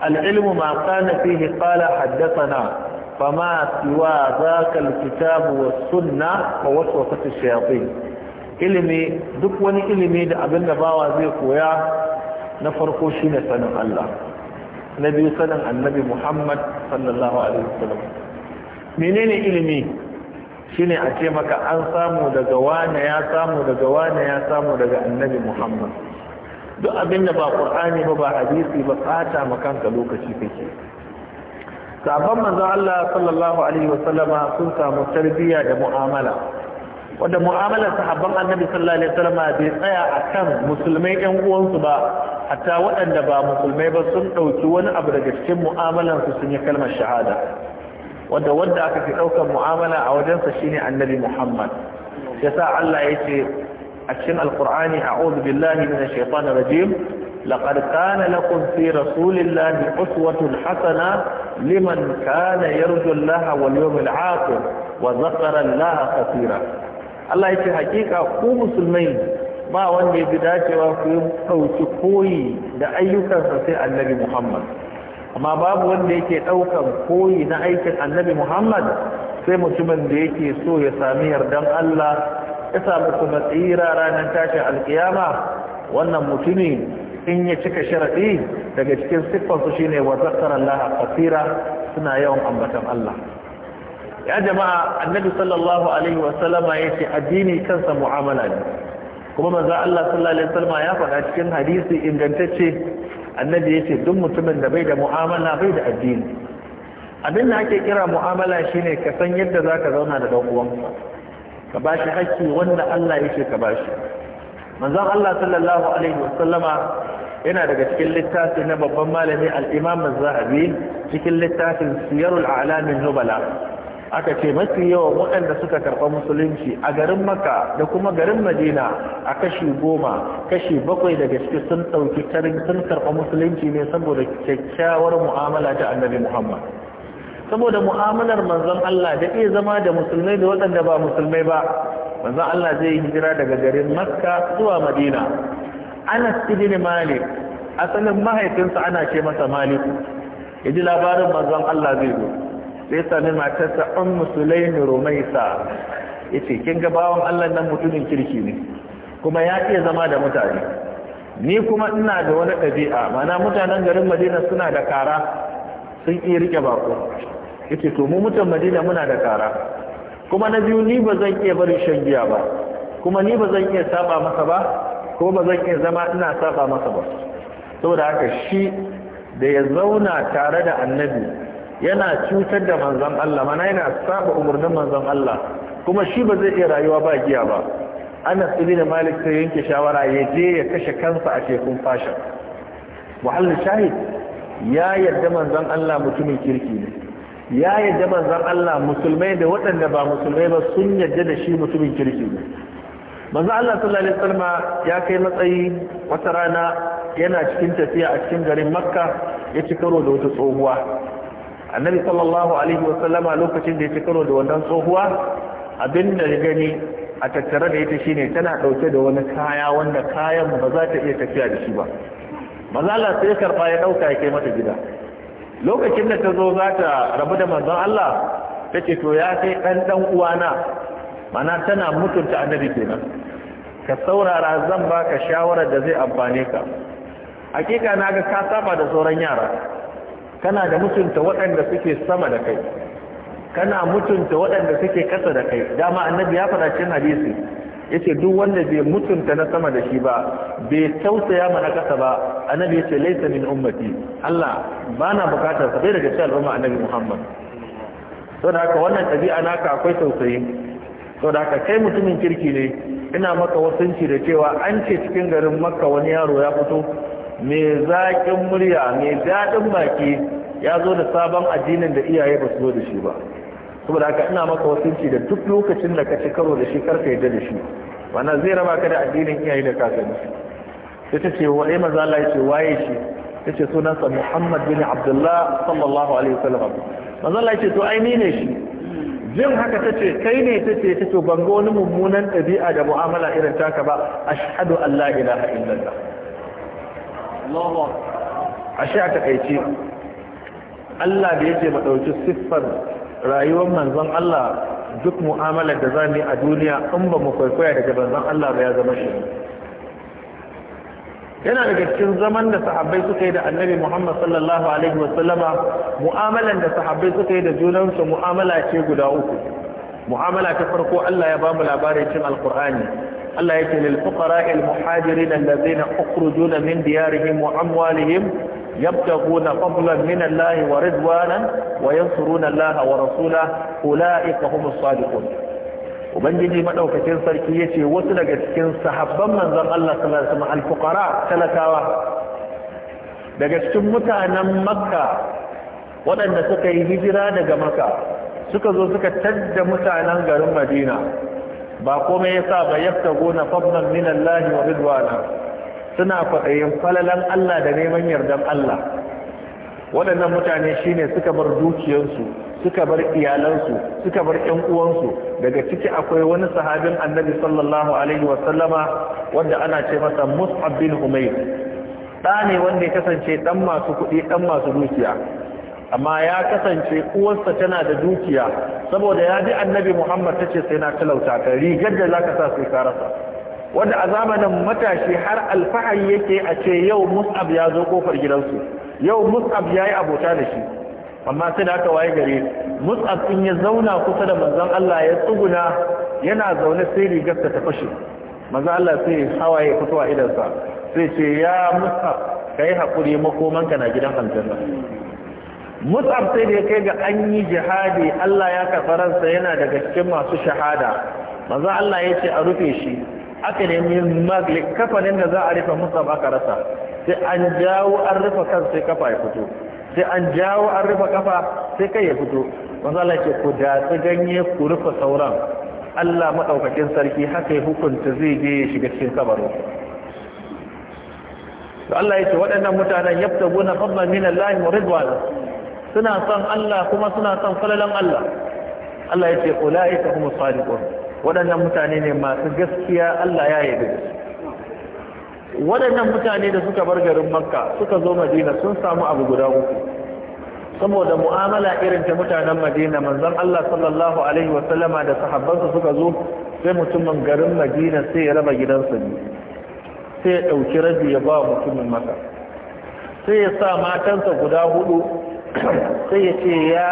العلم ما كان فيه قال حدثنا فما سوى ذاك الكتاب والسنة ووسوسة الشياطين إلمي دكواني إلمي دعبنا باوازيك وياه نفرقوا شين سنة الله na biyu sanin annabi muhammad sallallahu alaihi wasallam menene ilimi shine a ce maka an samu daga wane ya samu daga wane ya samu daga annabi muhammad duk abin da ba qur'ani ba ba hadisi ba tsata makanka lokaci kake sabon manzo Allah sallallahu alaihi wasallama sun samu tarbiyya da mu'amala wadda mu'amalar sahabban annabi sallallahu alaihi wasallam bai tsaya akan musulmai ɗan uwansu ba hatta waɗanda ba musulmai ba sun ɗauki wani abu daga cikin mu'amalar su sun yi kalmar shahada wadda wanda aka fi ɗaukar mu'amala a wajensa shine annabi Muhammad yasa Allah ya ce a cikin a a'udhu billahi minash shaitanir rajim لقد كان لكم في رسول الله أسوة حسنة لمن كان يرجو الله واليوم العاقب وذكر الله Allah ya ce hakika ku musulmai ba wanda ya fi dacewa ku yi ɗauki koyi da ayyukansa sai annabi Muhammad amma babu wanda yake ɗaukan koyi na aikin annabi Muhammad sai mutumin da yake so ya sami yardan Allah ya sami kuma tsira ranar tashin alkiyama wannan mutumi in ya cika sharaɗi daga cikin siffarsu shine wa zakkar Allah kasira suna yawan ambatan Allah ya jama'a annabi sallallahu alaihi wasallama ya ce addini kansa mu'amala ne kuma manzo Allah sallallahu alaihi wasallama ya faɗa cikin hadisi ingantacce annabi ya ce duk mutumin da bai da mu'amala bai da addini abin da ake kira mu'amala shine ka san yadda za ka zauna da ɗan'uwanka ka bashi shi haƙƙi wanda Allah ya ce ka bashi. shi manzon Allah sallallahu alaihi wasallama yana daga cikin littafi na babban malami al-Imam az-Zahabi cikin littafin Siyarul A'lamin Nubala aka ce mafi yawan waɗanda suka karɓa musulunci a garin maka da kuma garin madina a kashi goma kashi bakwai daga ciki sun ɗauki karin sun karɓa musulunci ne saboda kyakkyawar mu'amala ta annabi muhammad saboda mu'amalar manzon Allah da iya zama da musulmai da waɗanda ba musulmai ba manzon Allah zai yi hijira daga garin makka zuwa madina anas ibn malik asalin mahaifinsa ana ce masa malik Yaji labarin manzon Allah zai zo zai sami matarsa an musulaini rumaisa ya ce kin ga bawan allah nan mutumin kirki ne kuma ya iya zama da mutane ni kuma ina da wani ɗabi'a mana mutanen garin madina suna da kara sun iya rike bako ya ce to mu mutan madina muna da kara kuma na biyu ni ba zan iya barin shan giya ba kuma ni ba zan iya saba masa ba ko ba zan iya zama ina saba masa ba saboda haka shi da ya zauna tare da annabi yana cutar da manzon Allah mana yana saba umarnin manzon Allah kuma shi ba zai iya rayuwa ba giya ba Anas da Malik sai yanke shawara ya je ya kashe kansa a tekun fasha Muhallin shahid ya yarda manzon Allah mutumin kirki ne ya yarda manzon Allah musulmai da waɗanda ba musulmai ba sun yarda da shi mutumin kirki ne manzon Allah sallallahu alaihi wasallam ya kai matsayi wata rana yana cikin tafiya a cikin garin Makka ya ci karo da wata tsohuwa annabi sallallahu alaihi wasallama lokacin da ya ci karo da wannan tsohuwa abin da ya gani a tattare da ita shine tana dauke da wani kaya wanda kayan ba za ta iya tafiya da shi ba mazala sai karba ya ɗauka ya kai mata gida lokacin da ta zo za ta rabu da manzon Allah ta ce to ya kai dan dan uwana mana tana mutunta annabi kenan ka saurara zan baka shawarar da zai amfane ka hakika na ga ka saba da sauran yara kana da mutunta waɗanda suke sama da kai kana mutunta waɗanda suke ƙasa da kai dama annabi ya faɗa cikin hadisi yace duk wanda bai mutunta na sama da shi ba bai tausaya mana ƙasa ba annabi yace laysa min ummati Allah bana bukatar sa daga cikin al'umma annabi Muhammad to da haka wannan tabi'a naka akwai tausayi to da haka kai mutumin kirki ne ina maka wasanci da cewa an ce cikin garin Makka wani yaro ya fito mai zaƙin murya mai daɗin baki ya zo da sabon addinin da iyaye ba su zo da shi ba saboda haka ina maka wasunci da duk lokacin da ka ci karo da shi karka yadda da shi wannan zai raba ka da addinin iyaye da kakanni sai ta ce wai maza Allah ya ce waye shi ta ce sunansa Muhammad bin Abdullah sallallahu alaihi wasallam maza Allah ya ce to ai ni ne shi jin haka ta ce kai ne ta ce ta ce ban ga wani mummunan ɗabi'a da mu'amala irin taka ba ashhadu an la ilaha illallah Allahu ashe a takaice Allah da yake mu dauki siffar rayuwar manzon Allah duk mu'amalar da zamu yi a duniya in ba mu kwaikwaya daga manzon Allah ba ya zama shi yana daga cikin zaman da sahabbai suka yi da annabi Muhammad sallallahu alaihi wasallama mu'amalan da sahabbai suka yi da junansu mu'amala ce guda uku mu'amala ta farko Allah ya bamu labarin cin alkur'ani Allah yake lil fuqara al muhajirin allazina ukhrijuna min diyarihim wa amwalihim يبتغون فضلا من الله ورضوانا وينصرون الله ورسوله أولئك هم الصادقون ubangiji madaukakin sarki yace wasu daga cikin sahabban manzon Allah sallallahu alaihi wasallam alfuqara talakawa daga cikin mutanen makka waɗanda suka yi hijira daga makka suka zo suka tadda mutanen garin madina ba komai yasa ba yafta gona fadlan min Allah wa ridwana suna kwaɗayin falalan Allah da neman yardan Allah waɗannan mutane shi ne suka bar dukiyarsu suka bar iyalansu suka bar ƴan uwansu daga ciki akwai wani sahabin annabi sallallahu alaihi wasallama wanda ana ce masa mus'ab bin umayr ɗa ne wanda ya kasance ɗan masu kuɗi dan masu dukiya amma ya kasance uwansa tana da dukiya saboda ya ji annabi muhammad ta ce sai na talauta ka rigar da za ka sa sai ka rasa wanda a zamanin matashi har alfahari yake a ce yau mus'ab ya zo kofar gidansu yau mus'ab ya yi abota da shi amma sai da aka waye gare mus'ab in ya zauna kusa da manzon Allah ya tsuguna yana zaune sai rigar ta fashe manzon Allah sai hawaye fito a sa sai ce ya mus'ab kai hakuri makomanka na gidan aljanna mus'ab sai da ya kai ga an yi jihadi Allah ya kafaransa yana daga cikin masu shahada manzon Allah ya ce a rufe shi aka nemi maglik kafanin da za a rufe ba aka rasa sai an jawo an rufe kan sai kafa ya fito sai an jawo an rufe kafa sai kai ya fito manzala ce ku datsi ganye ku rufe sauran Allah maɗaukakin sarki haka ya hukunta zai je ya shiga cikin kabaru Da Allah ya ce waɗannan mutanen guna fadlan min Allah wa ridwana suna son Allah kuma suna son falalan Allah Allah ya ce ulaika humus sadiqun waɗannan mutane ne masu gaskiya Allah ya yi waɗannan mutane da suka bar garin makka suka zo madina sun samu abu guda uku saboda mu'amala irin ta mutanen madina manzon Allah sallallahu alaihi wasallama da sahabbansa suka zo sai mutumin garin madina sai ya raba gidansa ne sai ya ɗauki rabi ya ba mutumin maka sai ya sa matansa guda hudu sai ya ce ya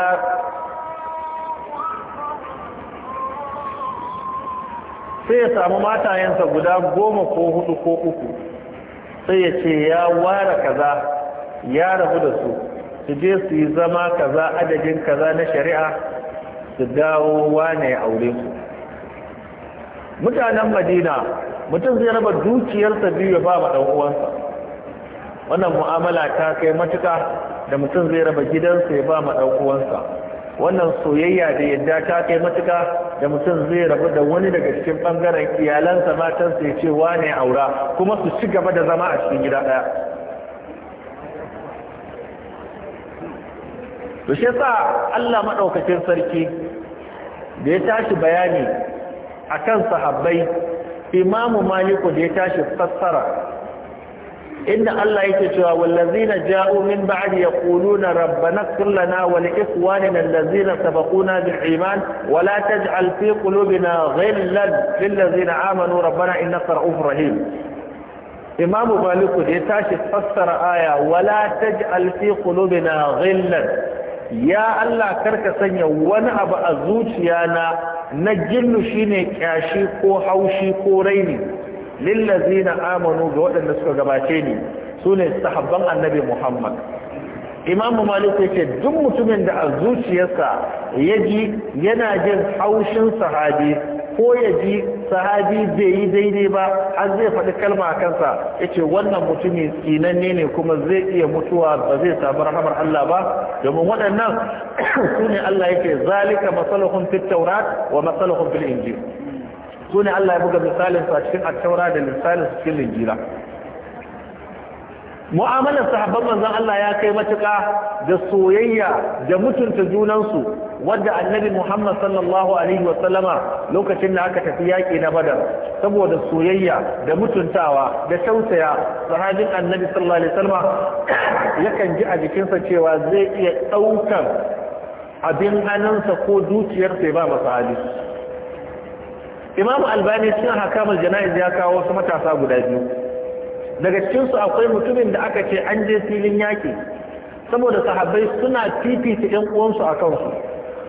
sai ya samu matayensa guda goma ko hudu ko uku sai ya ce ya ware kaza ya rabu da su su je su yi zama kaza adadin kaza na shari'a su dawo wane ya aure su mutanen madina mutum zai raba dukiyarsa biyu ya ba ma ɗan uwansa wannan mu'amala ta kai matuka da mutum zai raba gidansa ya ba ma ɗan uwansa wannan soyayya da yadda ta kai matuka da mutum zai rabu da wani daga cikin bangaren iyalansa matansa ya ce wane aura kuma su ci gaba da zama a cikin gida daya to shi yasa Allah madaukakin sarki da ya tashi bayani akan sahabbai imamu maliku da ya tashi fassara inda Allah yake cewa wallazina ja'u min ba'di yaquluna rabbana ighfir lana wa li ikhwanina allazina sabaquna bil iman wa la taj'al fi qulubina ghillan lil ladzina amanu rabbana innaka ra'ufur rahim imam malik ya tashi fassara aya wa la taj'al fi qulubina ghillan ya Allah karka sanya wani abu a zuciyana na gillu shine kyashi ko haushi ko raini lillazina amanu ga waɗanda suka gabace ni sune sahabban annabi Muhammad imamu malik ce duk mutumin da a zuciyarsa ya ji yana jin haushin sahabi ko ya ji sahabi bai yi daidai ba har zai faɗi kalma a kansa ya ce wannan mutumin tsinanne ne kuma zai iya mutuwa ba zai samu rahamar Allah ba domin waɗannan su ne Allah yake zalika masalahun fit taurat wa masalahun fil injil su ne Allah ya buga misalin a cikin attaura da misalin su cikin linjira mu'amalar sahabban manzon Allah ya kai matuƙa da soyayya da mutunta junansu wadda annabi Muhammad sallallahu alaihi wa sallama lokacin da aka tafi yaki na Badar saboda soyayya da mutuntawa da tausaya sahabin annabi sallallahu alaihi wa sallama yakan ji a jikinsa cewa zai iya ɗaukar abin hannunsa ko dukiyarsa ya ba masa hadisi imamu albani cin hakamar jana'iz ya kawo wasu matasa guda biyu daga cikinsu akwai mutumin da aka ce an je filin yaƙi saboda sahabbai suna fifita ƴan uwansu a kansu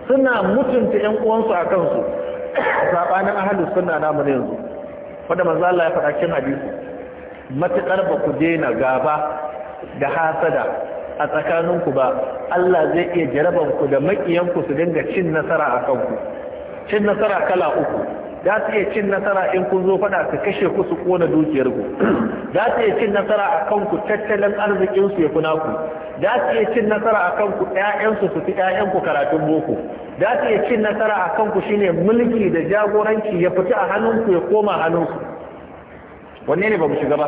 suna mutunta ƴan uwansu a kansu sabanin ahlus suna namu ne yanzu wanda manzo Allah ya faɗa cikin hadisi ba ku daina gaba da hasada a tsakaninku ba Allah zai iya jarabanku da makiyanku su dinga cin nasara a kanku cin nasara kala uku za su iya cin nasara in kun zo fada ka kashe ku su kona dukiyar ku za su iya cin nasara a kan ku tattalin arzikin su ya kuna ku za su iya cin nasara a kan ku ƴaƴan su fi ƴaƴan ku karatun boko za su iya cin nasara a kan ku shine mulki da jagoranci ya fita a hannunku ya koma hannun wanne ne ba mu shiga ba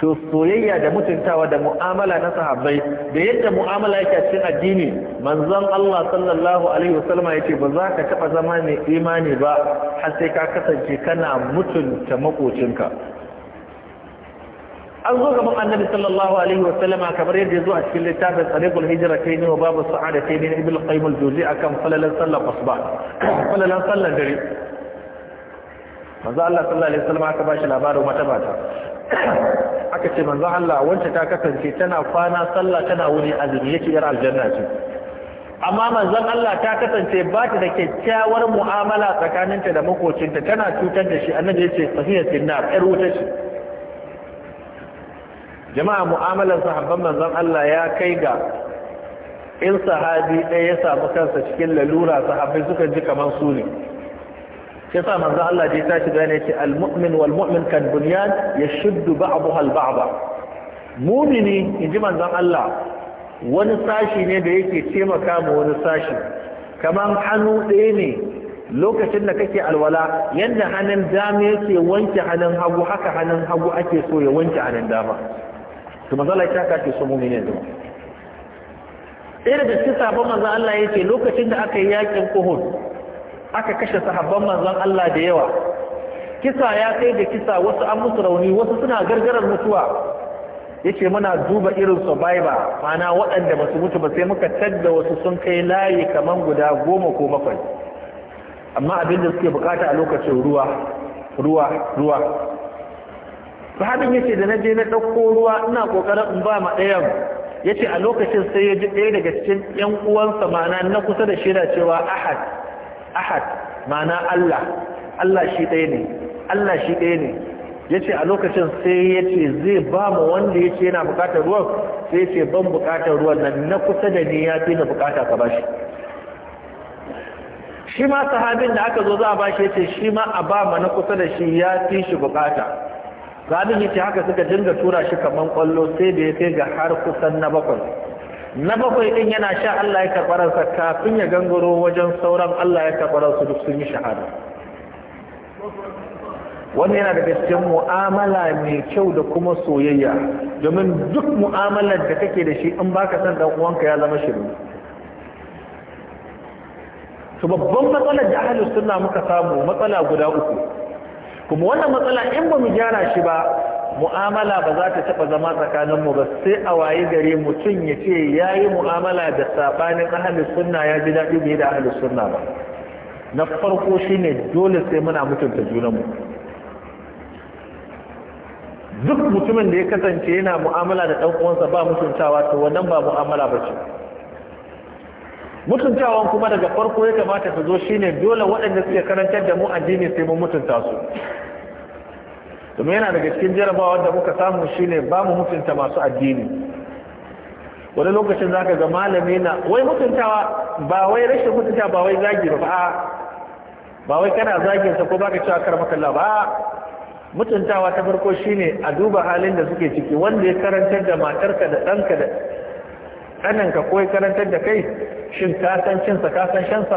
to soyayya da mutuntawa da mu'amala na sahabbai da yadda mu'amala yake a cikin addini manzon Allah sallallahu alaihi wasallam yace ba za ka taba zama mai imani ba har sai ka kasance kana mutunta makocinka an zo gaban annabi sallallahu alaihi wasallama kamar yadda ya zo a cikin littafin tsariƙul hijira kai ne babu sa'ada kai ne na ibil qaimul juzi akan falalan sallar asba [coughs] falalan sallar dare manzo Allah sallallahu alaihi wasallama aka bashi labarin wata mata aka ce manzo Allah wacce ta kasance tana kwana sallah tana wuni azumi yake yar aljanna ce amma manzon Allah ta kasance ba ta da kyakkyawar mu'amala tsakaninta da makocinta tana cutar da shi annabi yace sahiya sinnar yar wuta ce jama'a mu'amalar sahabban manzon Allah ya kai ga in sahabi ɗaya ya samu kansa cikin lalura sahabbai suka ji kamar su ne shi sa manzo Allah da ya shi gane ce al-mu'min wal mu'min kan bunyan yashuddu ba'dahu al-ba'da mu'mini inji manzon Allah wani sashi ne da yake taimaka ma wani sashi kaman hannu ɗaya ne lokacin da kake alwala yadda hannun dama yake wanke hannun hagu haka hannun hagu ake so ya wanke hannun dama to manzo Allah ya kace so mu'mini ne ɗaya da cikin sabon manzo Allah yake lokacin da aka yi yakin Uhud aka kashe sahabban manzon Allah da yawa kisa ya kai da kisa wasu an musu rauni wasu suna gargarar mutuwa yace muna duba irin survivor mana waɗanda ba mutu ba sai muka tadda wasu sun kai layi kaman guda goma ko bakwai amma abin da suke bukata a lokacin ruwa ruwa ruwa sahabin yace da naje na ɗauko ruwa ina kokarin in ba ma ɗayan yace a lokacin sai ya ji ɗaya daga cikin ƴan uwansa mana na kusa da shira cewa ahad ahad mana Allah Allah shi ɗaya ne Allah shi ɗaya ne ya ce a lokacin sai ya ce zai ba mu wanda ya ce yana bukatar ruwan sai ce ban bukatar ruwan nan na kusa da ni ya fi na bukata ka bashi shi ma sahabin da aka zo za a bashi ya ce shi ma a ba ma na kusa da shi ya fi shi bukata sahabin ya haka suka dinga tura shi kamar kwallo sai da ya kai ga har kusan na bakwai na bakwai din yana sha Allah ya karɓararsa kafin ya gangaro wajen sauran Allah ya su duk sun yi shahada wannan yana daga cikin mu'amala mai kyau da kuma soyayya domin duk mu'amalar da kake da shi in baka san dan uwanka ya zama shiru to babban matsalar da ahlus sunna muka samu matsala guda uku kuma wannan matsala in ba mu gyara shi ba mu'amala ba za ta taɓa zama tsakaninmu ba sai a waye gare mutum ya ce ya yi mu'amala da saɓanin ahalin sunna ya ji daɗi bai da ahalin sunna ba na farko shine dole sai muna mutunta junanmu duk mutumin da ya kasance yana mu'amala da ɗan uwansa ba mutuntawa to wannan ba mu'amala ba ce mutuntawan kuma daga farko ya kamata ta zo shine dole waɗanda suke karantar da mu addini sai mun mutunta su kuma yana daga cikin jarabawa da muka samu shine ba mu mutunta masu addini wani lokacin zaka ga malami na wai mutuntawa ba wai rashin mutunta ba wai zagi ba ba wai kana zagin sa ko baka cewa kar maka ba mutuntawa ta farko shine a duba halin da suke ciki wanda ya karantar da matarka da ɗanka da ɗananka ko ya karantar da kai shin ka san cinsa ka san shansa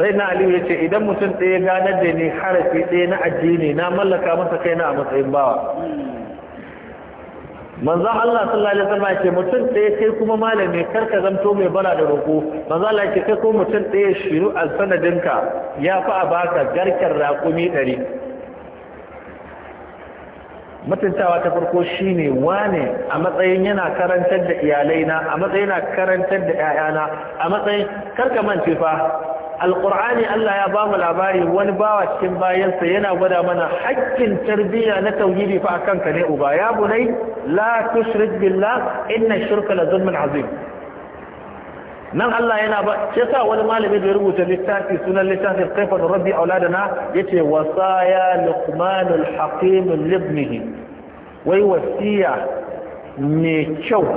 sai na aliyu ya ce idan mutum ɗaya ganar da ni harafi ɗaya na addini na mallaka masa kai na a matsayin bawa manzan Allah sallallahu alaihi wasallam ce mutum ɗaya kai kuma malami kar ka zanto mai bara da roƙo manzan Allah kai kuma mutum ɗaya shiru a sanadinka ya fi a baka garkar raƙumi ɗari mutuntawa ta farko shine wane a matsayin yana karantar da iyalaina a matsayin yana karantar da 'ya'yana a matsayin karka mance fa alkur'ani Allah ya ba mu labari wani bawa cikin bayansa yana gwada mana haƙƙin tarbiyya na tauhidi fa akan ne uba ya bunai la tushrik billah inna shirka la zulmun azim nan Allah yana ba ce sa wani malami da rubuta littafi sunan littafin kaifa rabbi auladana yace wasaya luqmanul hakim libnihi wai wasiya mai kyau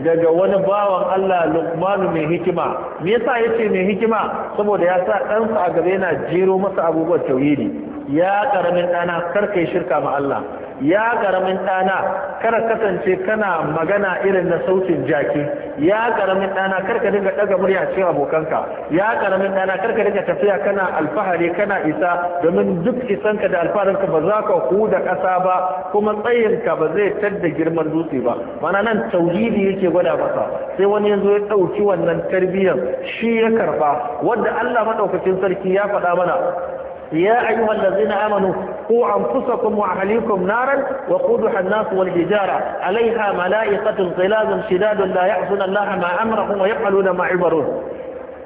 daga wani bawan Allah Luqmanu mai hikima me yasa yace mai hikima saboda ya sa ɗansa a gaba yana jero masa abubuwan ne ya ƙaramin ɗana kar kai shirka ma Allah ya karamin ɗana kar kasance kana magana irin na sautin jaki ya karamin ɗana kar ka dinga ɗaga murya cikin abokanka ya karamin ɗana kar ka dinga tafiya kana alfahari kana isa domin duk isanka da alfaharinka ba za ka huda ƙasa ba kuma tsayinka ba zai tadda girman dutse ba mana nan tauhidi yake gwada masa sai wani yanzu ya ɗauki wannan tarbiyyar shi ya karɓa wanda Allah maɗaukacin sarki ya faɗa mana يا أيها الذين آمنوا قوا أنفسكم وأهليكم نارا وقودها الناس والحجارة عليها ملائكة غلاظ شداد لا يعصون الله ما أمرهم ويفعلون ما عبرون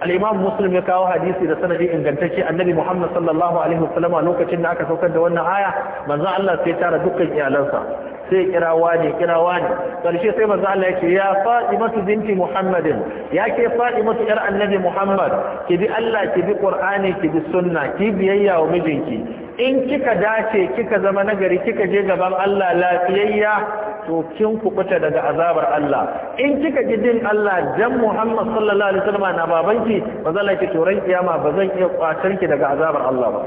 al'imam muslim ya kawo hadisi da sanadi ingantacce annabi muhammad sallallahu a lokacin da aka saukar da wannan aya manzan allah sai tara dukkan iyalansa sai kira ne kira wani karshe sai manzo Allah yake ya Fatimatu binti Muhammadin ya ke Fatimatu yar annabi Muhammad ki bi Allah ki bi Qur'ani ki bi sunna ki biyayya wa mijinki in kika dace kika zama nagari kika je gaban Allah lafiyayya to kin kubuta daga azabar Allah in kika ji din Allah dan Muhammad sallallahu alaihi wasallam na babanki manzo Allah yake to ran kiyama bazan iya kwatar ki daga azabar Allah ba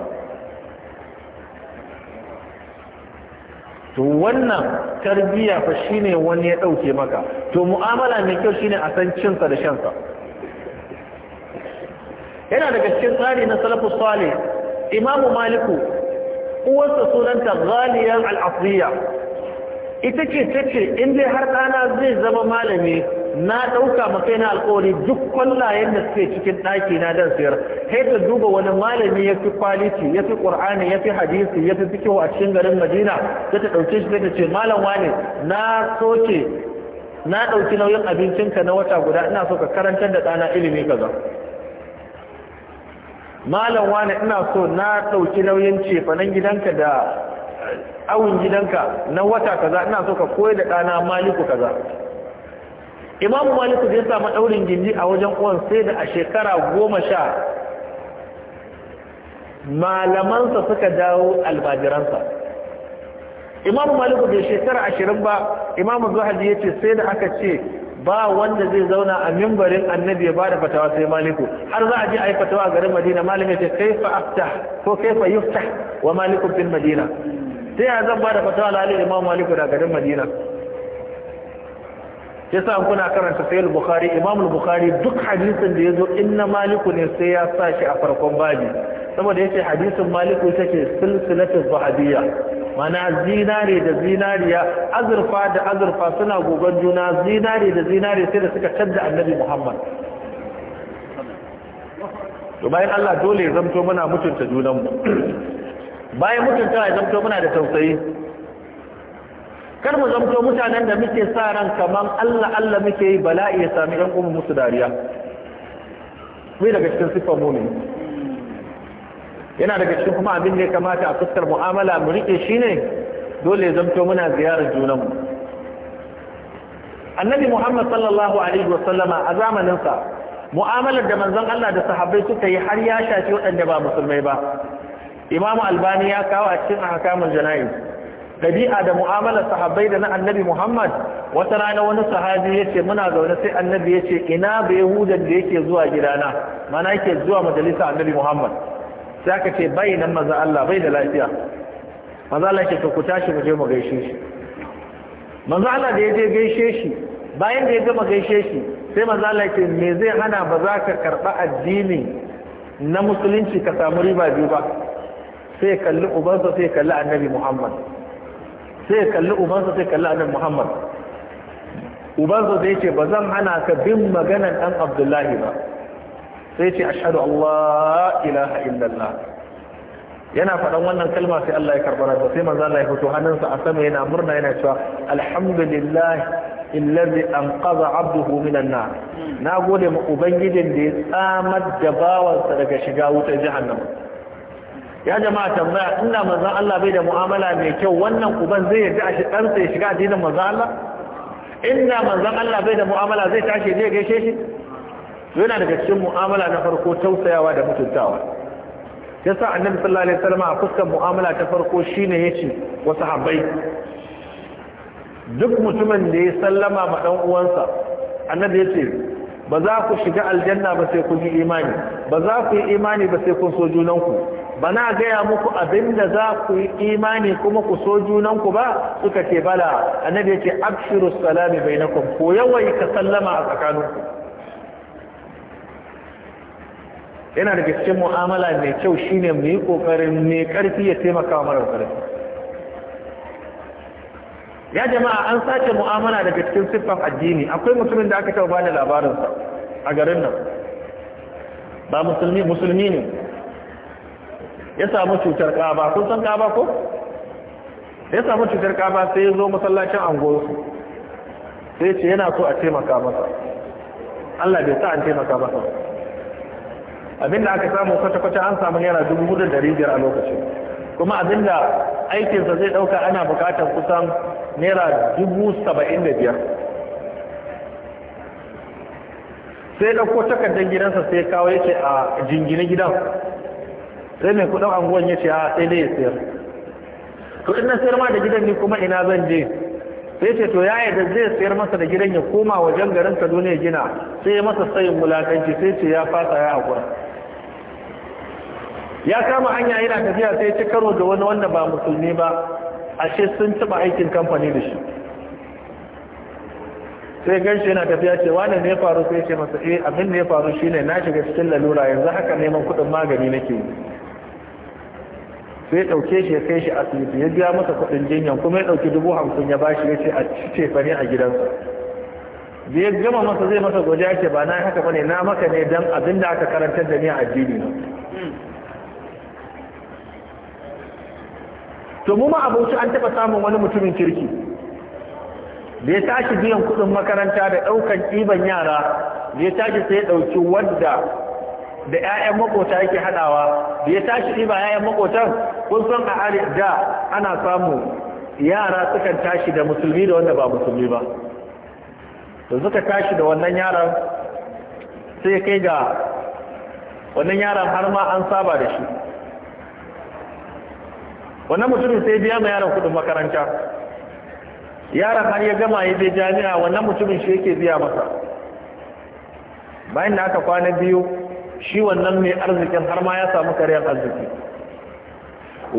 to wannan tarbiya fa shine wani ya dauke maka to mu'amala mai kyau shine a san cinsa da shansa yana daga cikin tsari na Salafu salih imamu maliku uwarsa sunanta ghaliyan al-asriya ita ce tace in dai har ɗana zai zama malami na ɗauka maka na alƙawari duk kwallayen da suke cikin ɗaki na dan siyar sai ta duba wani malami ya fi kwaliti ya fi ƙur'ani ya fi hadisi ya fi fikihu a cikin garin madina sai ta ɗauke shi sai ta ce malam wane na soke na ɗauki nauyin abincinka na wata guda ina so ka karantar da ɗana ilimi kaza malam wane ina so na ɗauki nauyin cefanen gidanka da awun gidanka na wata kaza ina so ka koyar da ɗana maliku kaza imamu maliku da ya samu daurin gindi a wajen uwan sai da a shekara goma sha malamansa suka dawo albajiransa imamu maliku da shekara ashirin ba imamu zuhadi ya ce sai da aka ce ba wanda zai zauna a mimbarin annabi ya bada fatawa sai maliku har za a je a yi fatawa a garin madina yace ce fa afta ko fa yuftah wa maliku bin madina sai ya zan da fatawa lalai imamu maliku da garin madina yasa an kuna karanta sayyid bukhari imam bukhari duk hadisin da yazo inna maliku ne sai ya sa shi a farkon babi saboda yace hadisin maliku take silsilatu zahabiyya mana zinare da zinariya azurfa da azurfa suna gogon juna zinare da zinare sai da suka tadda annabi muhammad to bayan Allah dole ya zamto muna mutunta junanmu bayan mutunta ya zamto muna da tausayi kar mu zamto mutanen da muke sa ran kaman Allah Allah muke yi bala'i ya sami ɗan umu musu dariya bai daga cikin siffar mumin yana daga cikin kuma abin da ya kamata a fuskar mu'amala mu riƙe shi ne dole ya zamto muna ziyarar junanmu annabi muhammad sallallahu alaihi wasallama a zamaninsa mu'amalar da manzon Allah da sahabbai suka yi har ya shafi waɗanda ba musulmai ba imamu albani ya kawo a cikin ahkamul jana'iz ɗabi'a da mu'amalar sahabbai da na annabi Muhammad wata rana wani sahabi ya ce muna zaune sai annabi ya ce ina ba yahudan da yake zuwa gidana mana yake zuwa majalisa annabi Muhammad sai aka ce bai nan maza Allah bai da lafiya maza Allah ke ku tashi mu je mu gaishe shi maza Allah da ya je gaishe shi bayan da ya gama gaishe shi sai maza Allah ke me zai hana ba za ka karɓa addini na musulunci ka samu riba biyu ba sai kalli ubansa sai kalli annabi Muhammad sai kalli ubansa sai kalli annabi Muhammad ubansa sai ce ba zan hana ka bin maganan dan Abdullahi ba sai ce ashhadu Allah ilaha illallah yana faɗan wannan kalma sai Allah ya karbara ta sai manzo Allah ya fito hannunsa a sama yana murna yana cewa alhamdulillah illazi anqadha abduhu minan nar na gode ma ubangijin da ya tsamar da daga shiga wutar jahannama ya jama'a tambaya inda manzon Allah bai da mu'amala mai kyau wannan uban zai yarda a shi dan sai shiga addinin manzon Allah inda manzon Allah bai da mu'amala zai tashi zai gaishe shi to yana daga cikin mu'amala na farko tausayawa da mutuntawa yasa annabi sallallahu alaihi wasallam a fuskar mu'amala ta farko shine yace wa sahabbai duk mutumin da ya sallama ma dan uwansa annabi yace ba za ku shiga aljanna ba sai kun yi imani ba za ku yi imani ba sai kun so junanku bana gaya muku abinda za ku yi imani kuma ku so junanku ba suka ce bala annabi yake abshiru salami bainakum ko yawai ka sallama a tsakaninku yana da cikin mu'amala mai kyau shine mu yi kokarin ne karfi ya taimaka wa mara karfi ya jama'a an sace mu'amala daga cikin siffar addini akwai mutumin da aka taba bani labarinsa a garin nan ba musulmi musulmi ne ya samu cutar ƙaba kun san ƙaba ko ya samu cutar ƙaba sai ya zo masallacin angonsu sai ce yana so a taimaka masa Allah bai sa an taimaka masa abinda aka samu kwata-kwata an samu yana dubu hudu da biyar a lokaci kuma abinda aikinsa zai ɗauka ana buƙatar kusan naira dubu saba'in da biyar sai ɗauko takardar gidansa sai kawo yake a jingine gidan sai mai kudin anguwan ya ce a ah, sai dai sayar to in na sayar ma da gidan ni kuma ina zan je sai ce to yaya da zai sayar masa da gidan ya koma wajen garin Kaduna ya gina sai ya masa sayin mulakanci sai ce ya fasa ya akwai. ya kama hanya yana tafiya sai ci karo da wani wanda ba musulmi ba ashe sun taba aikin kamfani da shi sai ganshi yana tafiya ce wani ne faru sai ce masa eh abin ya faru shine na shiga cikin lalura yanzu haka neman kuɗin magani nake yi sai ɗauke shi ya kai shi asibiti ya biya masa kuɗin jinyan kuma ya ɗauki dubu hamsin ya bashi ya ce a cice ne a gidansa da ya gama masa zai masa godiya ce ba na haka bane na maka ne dan abin da aka karantar da ni a addini to mu ma abuci an taɓa samun wani mutumin kirki da ya tashi biyan kuɗin makaranta da ɗaukan ɗiban yara da ya tashi sai ya ɗauki wadda da 'ya'yan makota yake hadawa da ya tashi ɗiba 'ya'yan makotan kun san a ari da ana samu yara sukan tashi da musulmi da wanda ba musulmi ba da suka tashi da wannan yaran sai kai ga wannan yaran har ma an saba da shi wannan mutumin sai biya ma yaran kudin makaranta yaran har ya gama ya je jami'a wannan mutumin shi yake biya masa bayan da aka kwana biyu shi wannan mai arzikin har ma ya samu karyar arziki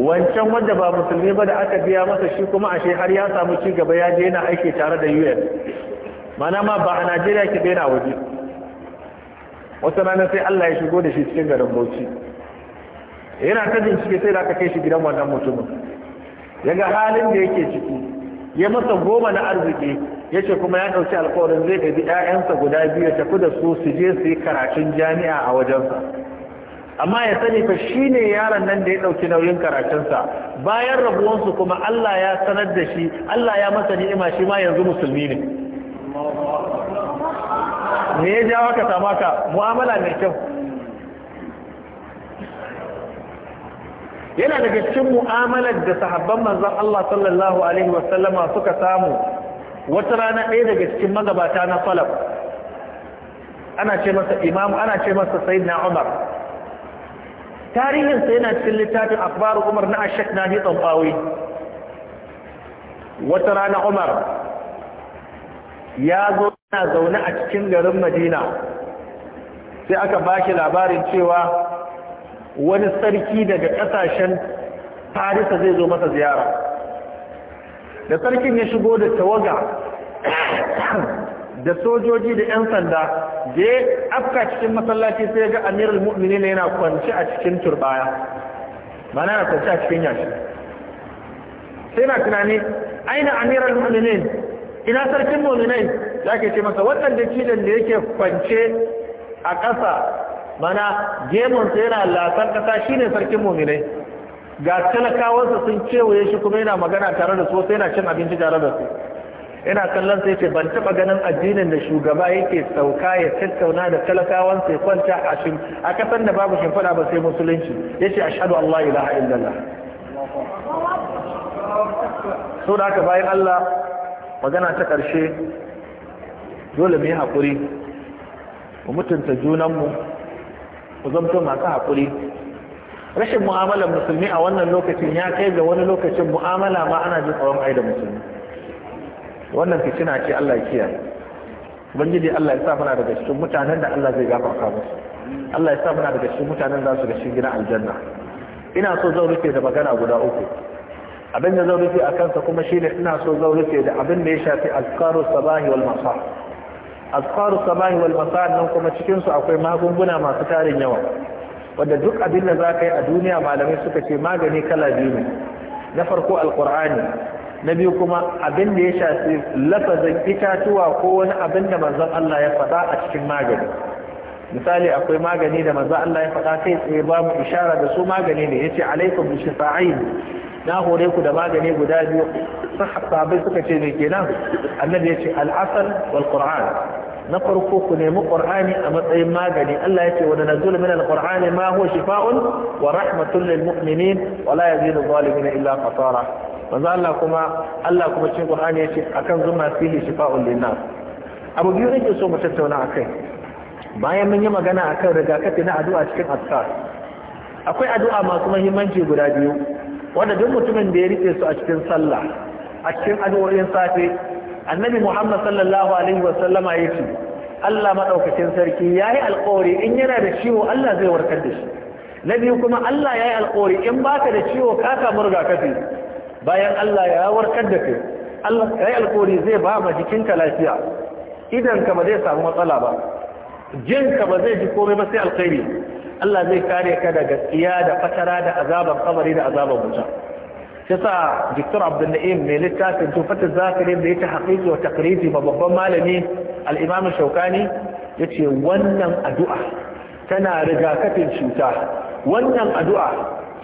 wancan wanda ba musulmi ba da aka biya masa shi kuma ashe har ya samu ci gaba ya je yana aiki tare da un mana ma ba a najeriya ki daina waje wasu ranar sai allah ya shigo da shi cikin garin bauchi yana ta ciki sai da aka kai shi gidan wannan mutumin ya ga halin da yake ciki ya masa goma na arziki ya ce kuma ya ɗauki alkawarin zai gaji ‘ya'yansa guda biyu ya tafi da su su je su yi karatun jami'a a wajensa amma ya sani fa shi ne yaron nan da ya ɗauki nauyin karatunsa bayan rabuwansu kuma Allah ya sanar da shi Allah ya masa ni'ima shi ma yanzu musulmi ne me ya jawo ka sama mu'amala mai kyau yana daga cikin mu'amalar da sahabban manzon Allah sallallahu alaihi wasallama suka samu wata rana ɗaya daga cikin magabata na falaf ana ce masa imam ana ce masa sayyidina Umar tarihinsa yana cikin littafin akbar Umar na Ashak na Hitan Bawi wata rana Umar ya zo yana zaune a cikin garin Madina sai aka bashi labarin cewa wani sarki daga kasashen farisa zai zo masa ziyara da sarkin ya shigo da tawaga da sojoji da 'yan sanda da ya afka cikin masallaci sai ga amirul mu'mini ne yana kwanci a cikin turbaya mana na kwanci a cikin yashi sai na tunani aina amirul mu'mini ina sarkin mu'mini ya ke ce masa wannan cidan da yake kwance a ƙasa mana gemunsa yana lasan kasa shine sarkin muminai ga talakawansa sun cewaye shi kuma yana magana tare da su sai yana cin abinci tare da su Ina kallon sai ce ban taba ganin addinin da shugaba yake sauka ya tattauna da talakawansa ya kwanta a shin a kasan da babu shimfiɗa ba sai musulunci yace ashhadu an la ilaha illallah so da haka bayan Allah magana ta ƙarshe dole mu yi haƙuri mu mutunta junanmu ku zamto masu haƙuri rashin mu'amalar musulmi a wannan lokacin ya kai ga wani lokacin mu'amala ma ana jin tsoron ai musulmi wannan fitina ce Allah kiya. kiyaye ubangiji Allah ya sa muna daga cikin mutanen da Allah zai gafarta musu Allah ya sa muna daga cikin mutanen da su ga cikin aljanna ina so zan rufe da magana guda uku abin da zan rufe a kansa kuma shine ina so zan rufe da abin da ya shafi azkarus sabahi wal masa azkaru sabahi wal masa'an nan kuma cikin su akwai magunguna masu tarin yawa wanda duk abin da zaka yi a duniya malamai suka ce magani kala biyu ne na farko alqur'ani na biyu kuma abin da ya shafi lafazin itatuwa ko wani abin da manzon Allah ya faɗa a cikin magani misali akwai magani da manzon Allah ya faɗa kai tsaye ba mu isharar da su magani ne yace alaikum bi shifa'in na hore ku da magani guda biyu sahabbai suka ce me kenan annabi ya ce al'asal wal qur'an na farko ku nemi qur'ani a matsayin magani Allah ya ce wa nanazzul min al qur'ani ma huwa shifaa'un wa rahmatun lil mu'minin wa la yazidu zalimin illa qatara manzo Allah kuma Allah kuma cikin qur'ani ya ce akan zuma fihi shifaa'un lin nas abu biyu nake so mu tattauna akai bayan mun yi magana akan rigakafi na addu'a cikin azkar akwai addu'a masu muhimmanci guda biyu wanda duk mutumin da ya rike su a cikin sallah a cikin addu'o'in safe annabi Muhammad sallallahu alaihi wa sallama yace Allah madaukakin sarki yi alƙawari in yana da ciwo Allah zai warkar da shi na biyu kuma Allah yi alƙawari in baka da ciwo ka samu rigakafi bayan Allah ya warkar da kai Allah yi alƙawari zai ba ma jikinka lafiya idan ka ba zai samu matsala ba jinka ba zai ji komai ba sai alkhairi Allah zai kare ka daga tsiya da fatara da azabar kabari da azabar wuta shi sa Dr. Abdullahi mai littafin Tufatul Zakiri da ta haqiqi wa taqriri ba babban malami al Shaukani, Shaukani yace wannan addu'a tana rigakafin cuta wannan addu'a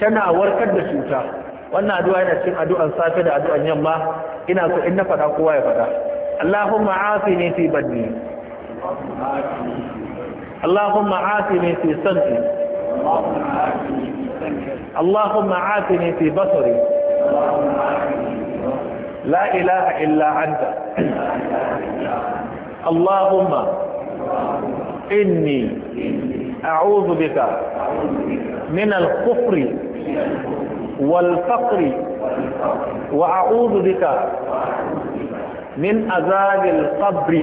tana warkar da cuta wannan addu'a yana cikin addu'an safe da addu'an yamma ina so in na faɗa kowa ya faɗa Allahumma ne fi badni اللهم عافني في سمعي اللهم عافني في بصري لا إله إلا أنت اللهم إني أعوذ بك من الكفر والفقر وأعوذ بك من عذاب القبر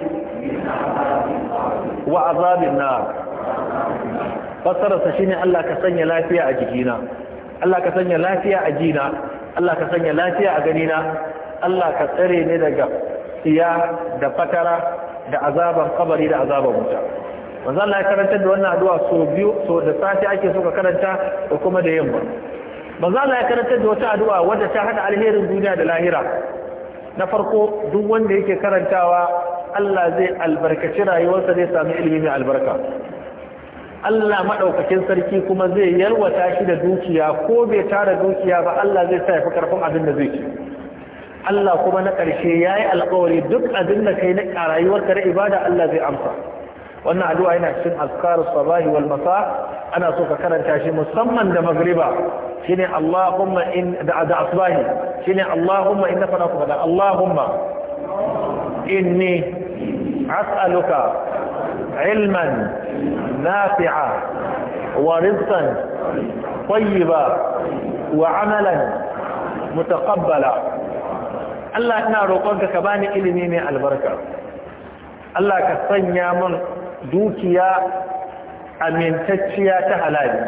wa azabin nar fasararsa shine Allah ka sanya lafiya a jikina Allah ka sanya lafiya a jina Allah ka sanya lafiya a ganina Allah ka tsare ni daga siya da fatara da azaban kabari da azaban wuta manzo Allah ya karanta da wannan addu'a so biyu so da sati ake so ka karanta da kuma da yamma manzo Allah ya karanta da wata addu'a wadda ta hada alherin duniya da lahira na farko duk wanda yake karantawa Allah zai albarkaci rayuwarsa zai sami ilimi mai albarka Allah maɗaukakin sarki kuma zai yalwata shi da dukiya ko bai tara dukiya ba Allah zai sa ya fi karfin abin da zai ci Allah kuma na ƙarshe ya yi alƙawari duk abin da kai na rayuwarka na ibada Allah zai amsa wannan addu'a yana cikin azkarus sabahi wal masa ana so ka karanta shi musamman da magriba shine Allahumma in da da asbahi shine Allahumma innaka naqulu Allahumma inni أسألك علما نافعا ورزقا طيبا وعملا متقبلا الله إنا روقك كباني إلي ميمي البركة الله كالصنيا من دوكيا أمين تتشيا تهلاجي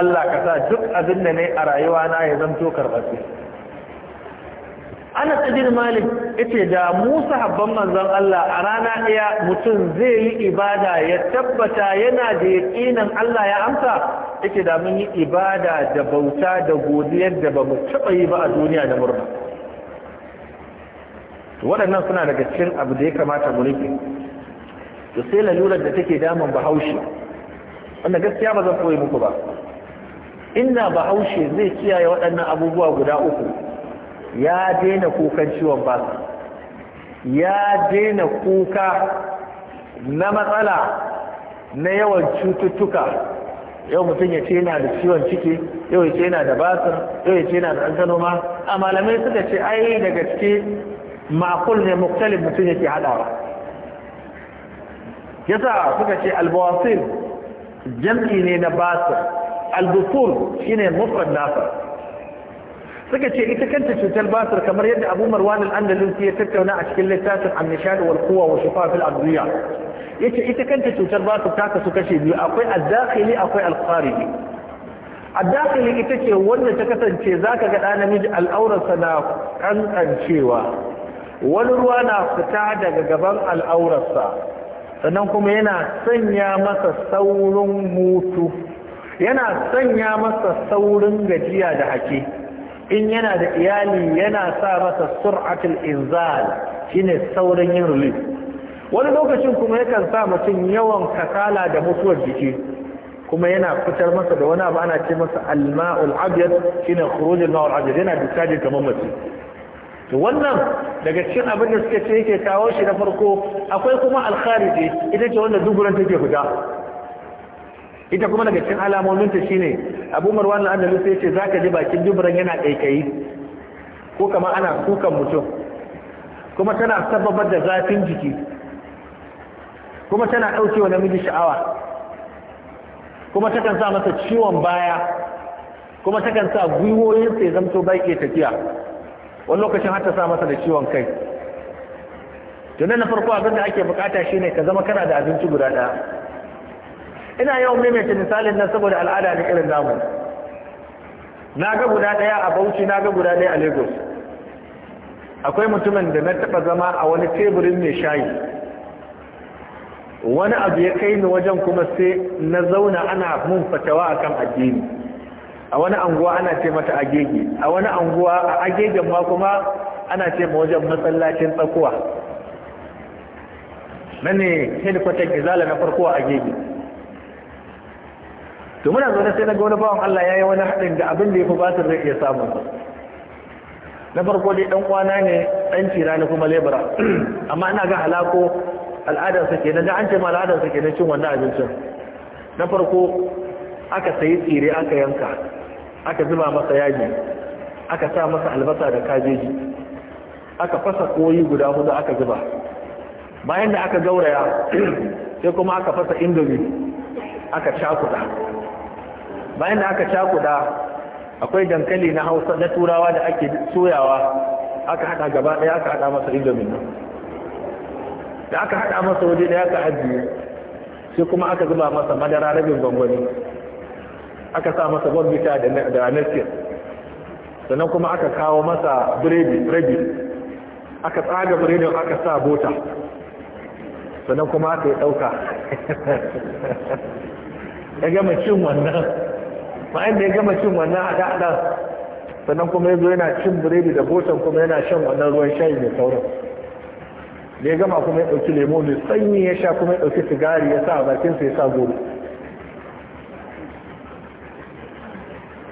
الله كسا جك أذنني أرأيوانا يزمتو كربتي ana tsadir malik ita da musa habban manzan Allah a rana ɗaya mutum zai yi ibada ya tabbata yana da yaƙinan Allah ya amsa ita da mun yi ibada da bauta da godiyar da ba mu taɓa yi ba a duniya da murna waɗannan suna daga cikin abu da ya kamata mu rike to sai lalurar da take damun bahaushe wanda gaskiya ba zan koyi muku ba inda bahaushe zai kiyaye waɗannan abubuwa guda uku ya daina kukan ciwon baka ya daina kuka na matsala na yawan cututtuka yau mutum ya ce yana da ciwon ciki yau ya ce yana da basir yau ya ce yana da ɗanɗano ma a malamai suka ce ai da gaske makul ne muktalin mutum yake haɗawa yasa suka ce albawasil jam'i ne na basir albukur shine mufrad nasa suka ce ita kanta cutar basir kamar yadda abu marwan al ya tattauna a cikin littafin annishad wal quwa wa shifa fil adwiya yace ita kanta cutar basir ta kasu kashe biyu akwai ad-dakhili akwai al-khariji ad-dakhili ita ce wanda ta kasance zaka ga dan namiji al'aurarsa na kankancewa wani ruwa na fita daga gaban al'aurarsa sannan kuma yana sanya masa saurin yana sanya masa saurin gajiya da hake in yana da iyali yana sa masa sur'atul inzal shine saurin yin relief wani lokacin kuma yakan sa mutum yawan kasala da mutuwar jiki kuma yana fitar masa da wani abu ana ce masa alma'ul abyad shine khurujul ma'ul abyad yana discharge kamar mace to wannan daga cikin abin da suke ce yake kawo shi na farko akwai kuma alkhariji ita ce wanda duburan take fita ita kuma daga cikin alamomin alamominta shine abu marwan al-andalusi yace zaka ji bakin duburan yana kaikayi ko kamar ana kukan mutum kuma tana sababar da zafin jiki kuma tana daukewa namiji sha'awa kuma takan sa masa ciwon baya kuma takan sa gwiwoyinsa ya zamto bai ke tafiya wani lokacin har ta sa masa da ciwon kai tunan na farko abin da ake bukata shine ka zama kana da abinci guda ɗaya ina yawan maimaita misalin nan saboda al'ada ne irin namu na ga guda ɗaya a bauchi na ga guda ɗaya a lagos akwai mutumin da na taɓa zama a wani teburin mai shayi wani abu ya kai ni wajen kuma sai na zauna ana mun fatawa akan addini a wani anguwa ana ce mata agege a wani anguwa a agegen ma kuma ana ce ma wajen masallacin tsakuwa nan ne helikwatar izala na farko a agege to muna zaune sai na ga wani bawan Allah ya yi wani haɗin da abin da ya fi basir zai iya samun na farko dai ɗan kwana ne ɗan cira ne kuma lebura [clears throat] amma ina ga halako al'adar suke na da an ce ma al'adar ke na cin wannan abincin na farko aka sayi tsire aka yanka aka zuba masa yaji aka sa masa albasa da kajeji aka fasa koyi guda hudu aka zuba bayan da aka gauraya [clears throat] sai kuma aka fasa indomi aka cakuta bayan da aka cakuda akwai dankali na hausa na turawa da ake soyawa aka hada gaba daya aka hada masa indomin nan da aka hada masa waje daya aka ajiye sai kuma aka zuba masa madara rabin gwangwani aka sa masa gwamnita da nestin sannan kuma aka kawo masa biredi biredi aka tsaga biredin aka sa bota sannan kuma aka yi dauka [laughs] ya gama cin wannan bayan da ya gama cin wannan a daɗa sannan kuma ya zo yana cin biredi da botan kuma yana shan wannan ruwan shayi mai sauran da ya gama kuma ya ɗauki lemo mai sanyi ya sha kuma ya ɗauki sigari ya sa a bakinsa ya sa goro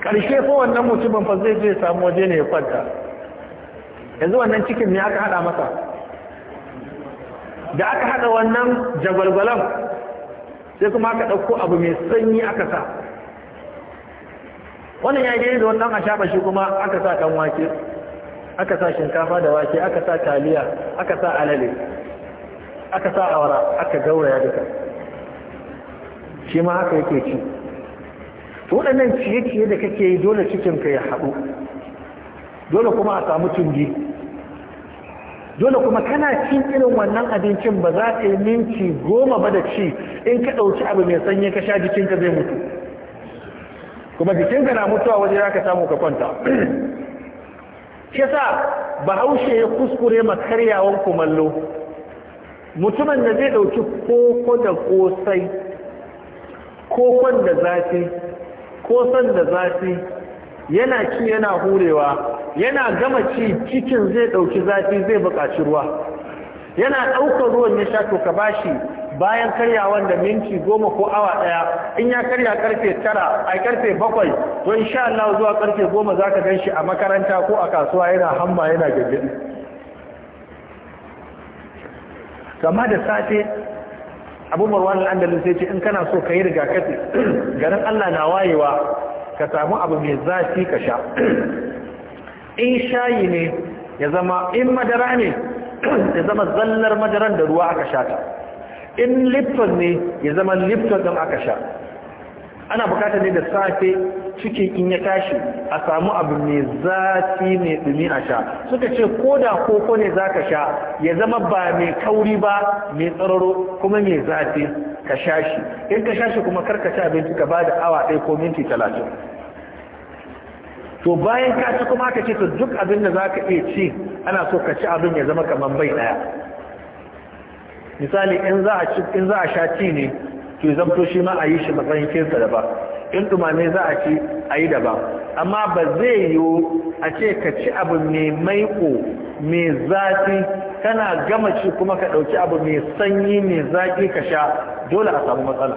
ƙarshe ko wannan mutumin fa zai je samu waje ne ya kwanta yanzu wannan cikin ne aka haɗa masa da aka haɗa wannan jagwalgwalan sai kuma aka ɗauko abu mai sanyi aka sa wannan ya gani da wannan a shaɓa shi kuma aka sa kan wake aka sa shinkafa da wake aka sa taliya aka sa alale aka sa awara aka gauraya duka shi ma haka yake ci waɗannan ciye-ciye da kake yi dole cikinka ya haɗu dole kuma a samu tungi dole kuma kana cin irin wannan abincin ba za ka yi minti goma ba da ci in ka ɗauki abu mai sanyi ka sha jikinka zai mutu kuma jikinka na mutuwa waje za ka samu ka kwanta kisa bahaushe ya kuskure makaryawan kumallo mutumin da zai ɗauki koko da kosai kokon da zafi kosan da zafi yana ci yana hurewa yana gama ci cikin zai ɗauki zafi zai buƙaci ruwa yana ɗaukar ruwan ya sha to ka bashi bayan karyawan da minti goma ko awa ɗaya in ya karya karfe tara a karfe bakwai to sha Allah zuwa karfe goma za ka ganshi a makaranta ko a kasuwa yana hamma yana gaggabi kama da safe abu marwan al'andalin sai ce in kana so ka yi rigakafi [clears throat] garin Allah na wayewa ka samu abu mai zafi ka sha [clears throat] in shayi ne ya zama in madara ne [clears throat] ya zama zallar madaran da ruwa aka sha ta in lifton ne ya zama lifton don aka sha ana bukatar ne da safe cikin in ya tashi a samu abu mai zafi mai dumi a sha suka ce ko da koko ne za ka sha ya zama ba mai kauri ba mai tsararo kuma mai zafi ka sha shi in ka sha shi kuma karka ci abinci ka ba da awa ɗaya ko minti talatin to bayan ka ci kuma ka ce to duk abin da za ka iya ci ana so ka ci abin ya zama kamar bai ɗaya misali in za a sha ci ne to zamto shi ma a yi shi matsayin kinsa da ba in dumame za a ci a yi ba amma ba zai yiwu a ce ka ci abu mai maiko mai zafi kana gama ci kuma ka ɗauki abu mai sanyi mai zafi ka sha dole a samu matsala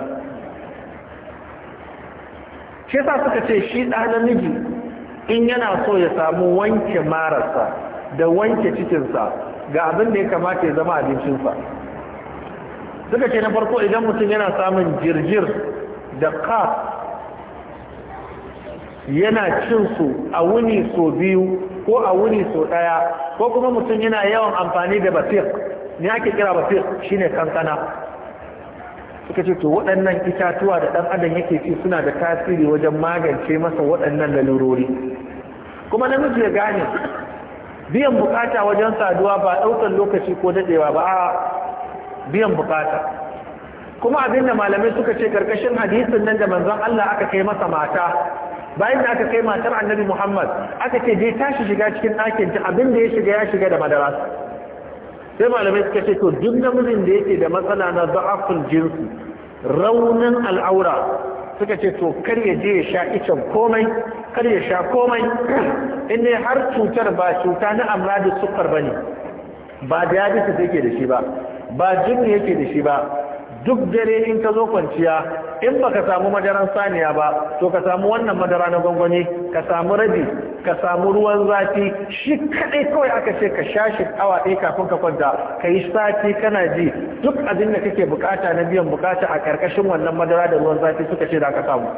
shi sa suka ce shi ɗa namiji in yana so ya samu wanke marasa da wanke cikinsa ga abin da ya kamata ya zama abincinsa suka ce na farko idan mutum yana samun jirjir da kaf yana cin su a wuni so biyu ko a wuni so daya ko kuma mutum yana yawan amfani da basir ne ake kira basir shine kankana suka ce to waɗannan itatuwa da ɗan adam yake ci suna da tasiri wajen magance masa waɗannan lalurori kuma namiji ya gane biyan bukata wajen saduwa ba ɗaukar lokaci ko daɗewa ba a biyan bukata kuma abin da malamai suka ce karkashin hadisin nan da manzon Allah aka kai masa mata bayan da aka kai matar annabi Muhammad aka ce je tashi shiga cikin ɗakin ta abin da ya shiga ya shiga da madara sai malamai suka ce to duk namijin da yake da matsala na da'aful jinsi raunin al'aura suka ce to kar ya je ya sha icen komai kar ya sha komai in har cutar ba cuta na amradi sukar bane ba diabetes take da shi ba ba jinni yake da shi ba duk dare in ka zo kwanciya in ba ka samu madaran saniya ba to ka samu wannan madara na gwangwani ka samu rabi ka samu ruwan zafi shi kaɗai kawai aka ce ka sha shi awa ɗaya kafin ka kwanta ka yi sati kana ji duk abin da kake bukata na biyan bukata a karkashin wannan madara da ruwan zafi suka ce da aka samu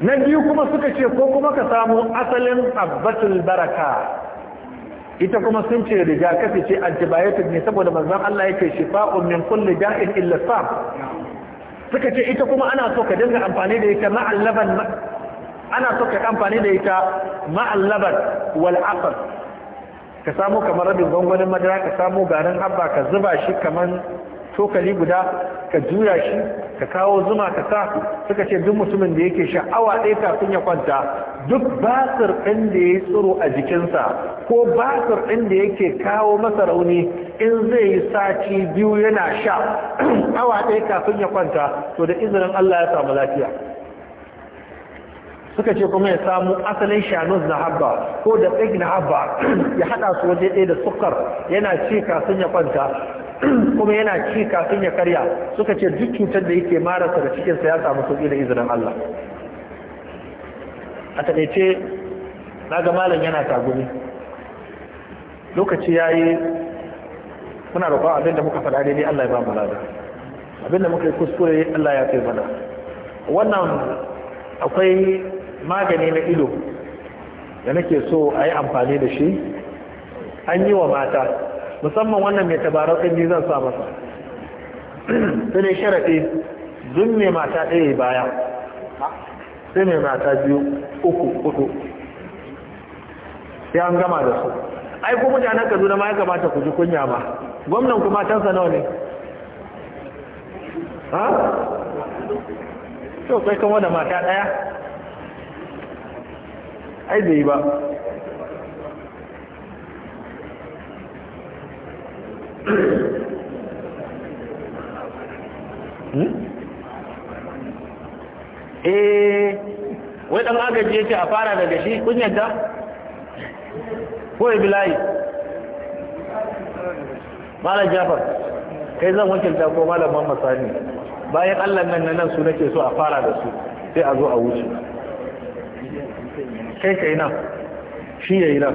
na biyu kuma suka ce ko kuma ka samu asalin abbatul baraka ita kuma sun ce rigakafi ce antibiotic ne saboda manzan Allah yake shifa'un min kulli da'in illa sam. suka ce ita kuma ana so ka dinga amfani da ita ma'al laban ana so ka amfani da ita wal ka samu kamar rabin gwangwanin madara ka samu garin habba ka zuba shi kamar tokali guda ka juya shi ka kawo zuma ka sa suka ce duk mutumin da yake sha'awa ɗaya kafin ya kwanta duk basir ɗin da ya yi tsiro a jikinsa ko basir ɗin da yake kawo masa rauni in zai yi sati biyu yana sha [clears throat] awa ɗaya kafin ya kwanta to da izinin Allah ya samu lafiya suka ce kuma ya samu asalin shanuz na habba ko da tsig na habba [clears throat] ya haɗa su waje ɗaya da sukar yana ce kafin ya kwanta [clears throat] kuma yana ci kafin ya karya suka ce duk cutar da yake marasa da cikinsa ya samu sauƙi da izinin Allah a taɗaice na ga malam yana tagumi lokaci ya yi muna roƙon abinda muka faɗa daidai Allah ya ba mu lada abinda muka yi kuskure Allah ya kai mana wannan akwai magani na ido da nake so a yi amfani da shi an yi wa mata musamman wannan mai tabarau ɗin ne zan sa masa [clears throat] sai ne sharaɗe Zun ne mata ɗaya baya sai mai mata biyu uku uku. sai an gama da su ai ko mutanen kaduna ma ya kamata ku ji kunya ba. gwamnan ku matansa nawa ne ha to kai kuma da mata ɗaya ai bai ba Hmm? Eh, wai dan agaji yake a fara daga shi kun yadda ko layi? malam jafar kai zan wakilta ko malam mamma sani bayan allah nan nan su nake so a fara da su sai a zo a wuce kai yi nan shi ya yi nan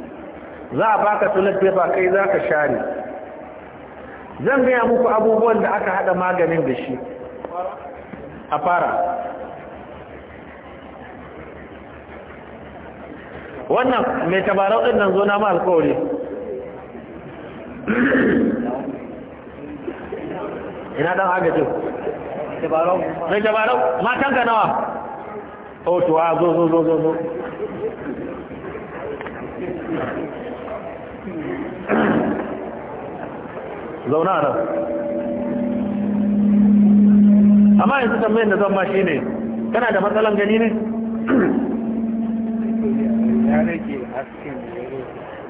za a baka toilet paper kai za ka share zan gaya muku abubuwan da aka hada maganin da shi a fara wannan mai tabarau ɗin nan zo na ma alkawari ina dan agajin mai tabarau Matan ka nawa oh, o tuwa zo zo zo zo zauna nan amma yanzu tambayin da zan ba shi ne kana da matsalan gani ne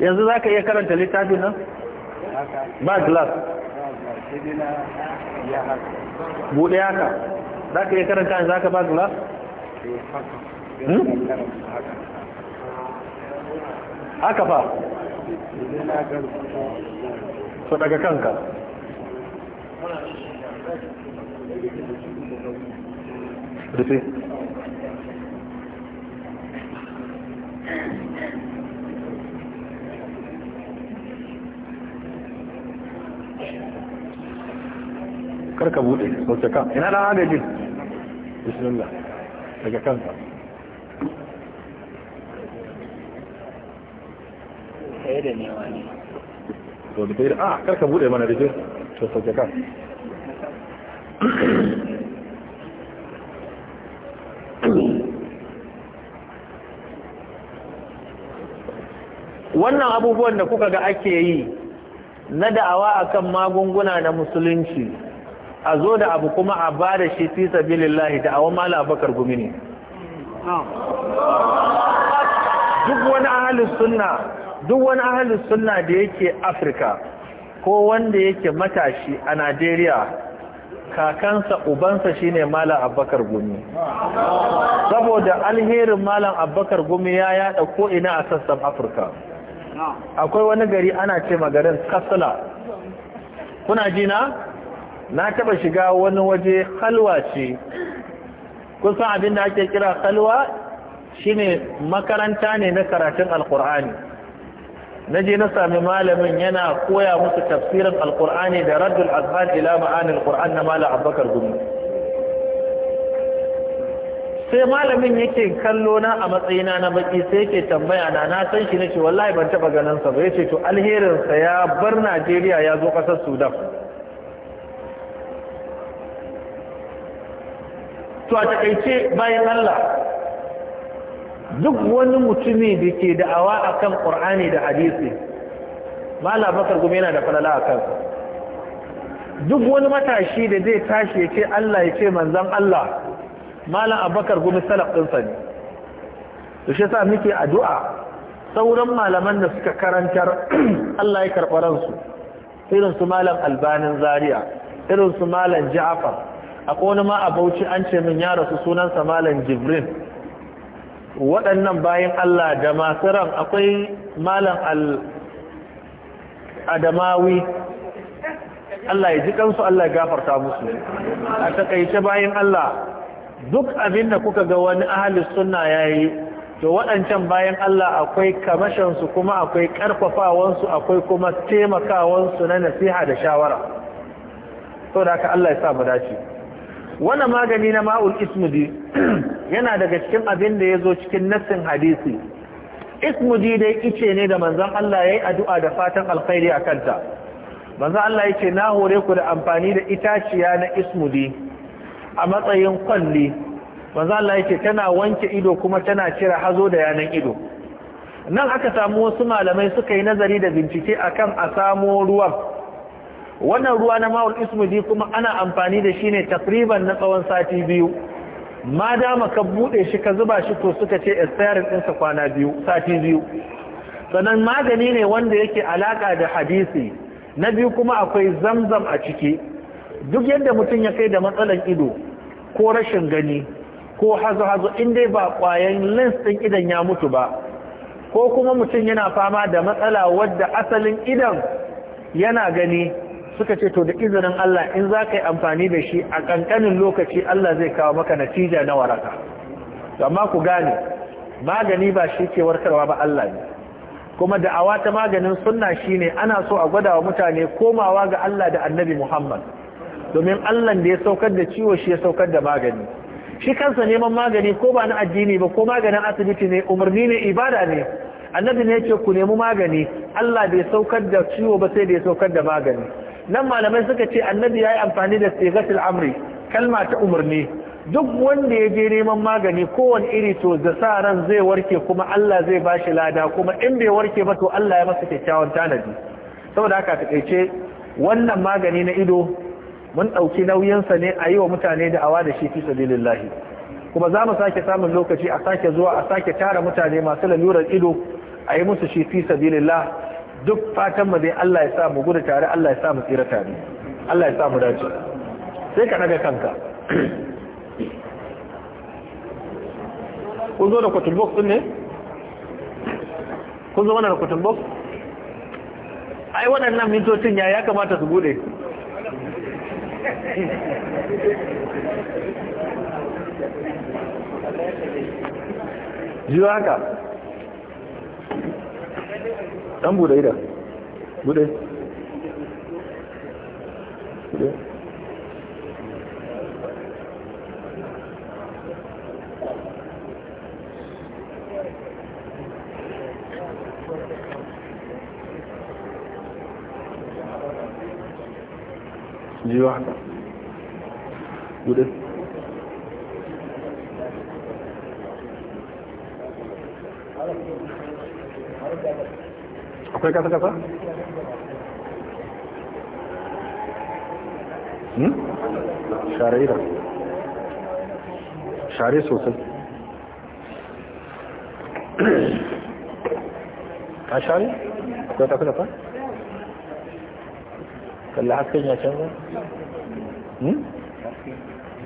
yanzu za ka iya karanta littafin nan ba glass buɗe haka za ka iya karanta za ka ba glass hmm? haka fa to daga kanka rufe karka bude sauce kan ina dan agajin bismillah daga kanka ɗaya da newa to da a ah, karka bude mana da to sauke ka wannan abubuwan da kuka ga ake yi na da'awa a kan magunguna na musulunci a zo da abu kuma a ba da shi fi sabilillahi da'awa mala abakar gumi ne duk wani ahalin suna duk wani ahalin suna da yake afirka ko wanda yake matashi a najeriya kakansa ubansa shine malam abbakar gumi saboda alherin malam abbakar gumi ya yada ko ina a sassan afirka akwai wani gari ana ce magarin kasala kuna jina na taba shiga wani waje halwa ce kusan abin da ake kira halwa shine makaranta ne na karatun alkur'ani na je na sami malamin yana koya musu tafsirin alkur'ani da raddul azhar ila ma'anin alkur'an na malam abubakar gumi sai malamin yake kallo na a matsayina na baki sai yake tambaya na na san shi ce, wallahi ban taba ganin sa ba yace to alherin sa ya bar Najeriya ya zo kasar Sudan to a takaice bayan Allah duk wani mutumi da ke da'awa a kan ƙur'ani da hadisi mala bakar gumi yana da falala a kansa. duk wani matashi da zai tashi ya ce Allah ya ce manzan Allah malam abakar gumi salaf ɗinsa sa ne da shi sa muke addu'a sauran malaman da suka karantar [clears throat] Allah ya karɓi ransu irin su malam albanin zaria irin su malam ja'far akwai wani ma a bauchi an ce min ya rasu sunansa malam jibrin waɗannan bayan Allah da masu ran akwai malam al'adamawi. Allah ya ji ɗansu Allah ya gafarta musu a taƙaice bayan Allah duk abin da kuka ga wani suna ya yi. to waɗancan bayan Allah akwai kamashansu, kuma akwai ƙarfafawansu akwai kuma taimakawansu na nasiha da shawara. Sau da haka Allah ya samu dace. wannan magani na ma'ul ismudi [clears throat] yana daga cikin abin da ya zo cikin nassin hadisi ismudi dai ice ne da manzon Allah ya yi addu'a da fatan alkhairi a kanta manzon Allah ya na hore ku da amfani da itaciya na ismudi a matsayin kwalli manzon Allah ya tana wanke ido kuma tana cire hazo da yanan ido nan aka samu wasu malamai suka yi nazari da bincike akan a samo ruwan wannan ruwa na ma'ul ismudi kuma ana amfani da shi ne takriban na tsawon sati biyu ma dama ka buɗe shi ka zuba shi to suka ce expiring ɗinsa kwana biyu sati biyu sannan magani ne wanda yake alaƙa da hadisi na biyu kuma akwai zamzam a ciki duk yadda mutum ya kai da matsalan ido ko rashin gani ko hazo-hazo in dai ba kwayan lens ɗin idan ya mutu ba ko kuma mutum yana fama da matsala wadda asalin idan yana gani suka ce to da izinin Allah in za ka yi amfani da shi a ƙanƙanin lokaci Allah zai kawo maka natija na waraka amma ku gane magani ba shi ke warkarwa ba Allah ne kuma da'awa ta maganin sunna ne ana so a gwada wa mutane komawa ga Allah da annabi Muhammad domin Allah da ya saukar da ciwo shi ya saukar da magani shi kansa neman magani ko ba na addini ba ko maganin asibiti ne umarni ne ibada ne annabi ne ce ku nemi magani Allah bai saukar da ciwo ba sai da ya saukar da magani nan malamai suka ce annabi ya yi amfani da sigatul amri kalma ta umarni duk wanda ya je neman magani kowane iri to da sa ran zai warke kuma Allah zai ba shi lada kuma in bai warke ba to Allah ya masa kyakkyawan tanadi saboda haka ce wannan magani na ido mun ɗauki nauyinsa ne a yi wa mutane da awa da shi fi sabilillahi kuma za mu sake samun lokaci a sake zuwa a sake tara mutane masu lalurar ido a yi musu shi fi sabilillah duk fatan mu dai Allah ya sa mu gudu tare Allah ya sa mu tsira tare Allah ya sa mu dace sai ka daga kanka kun zo da cotton box ne kun zo mana da cotton box ai waɗannan mintocin ya ya kamata su bude jiwa haka dan bude ida bude bude دي واحدة وده Thank you. akwai kasa kasa hmm? share ira share sosai a share akwai kasa kasa kalla hasken ya canza hmm?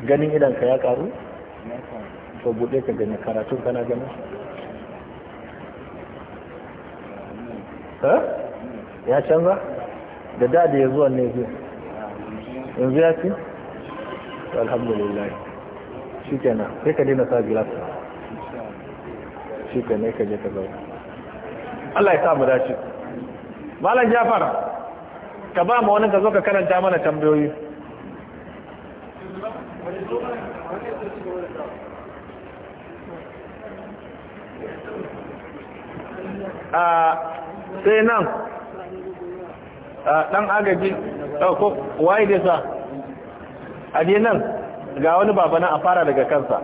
ganin idanka ya karu to buɗe ka gani karatun kana ganin Eh? ya canza da da ya zuwa ne zuwa yanzu ya ce alhamdulillah shi na sai ka daina sa gilas shi kenan ka je ka zauna Allah ya sa mu dace malam Jafar ka ba mu wani ka zo ka karanta mana tambayoyi a ah, sai nan ɗan agaji ko waye da sa a aje nan ga wani baba nan a fara daga kansa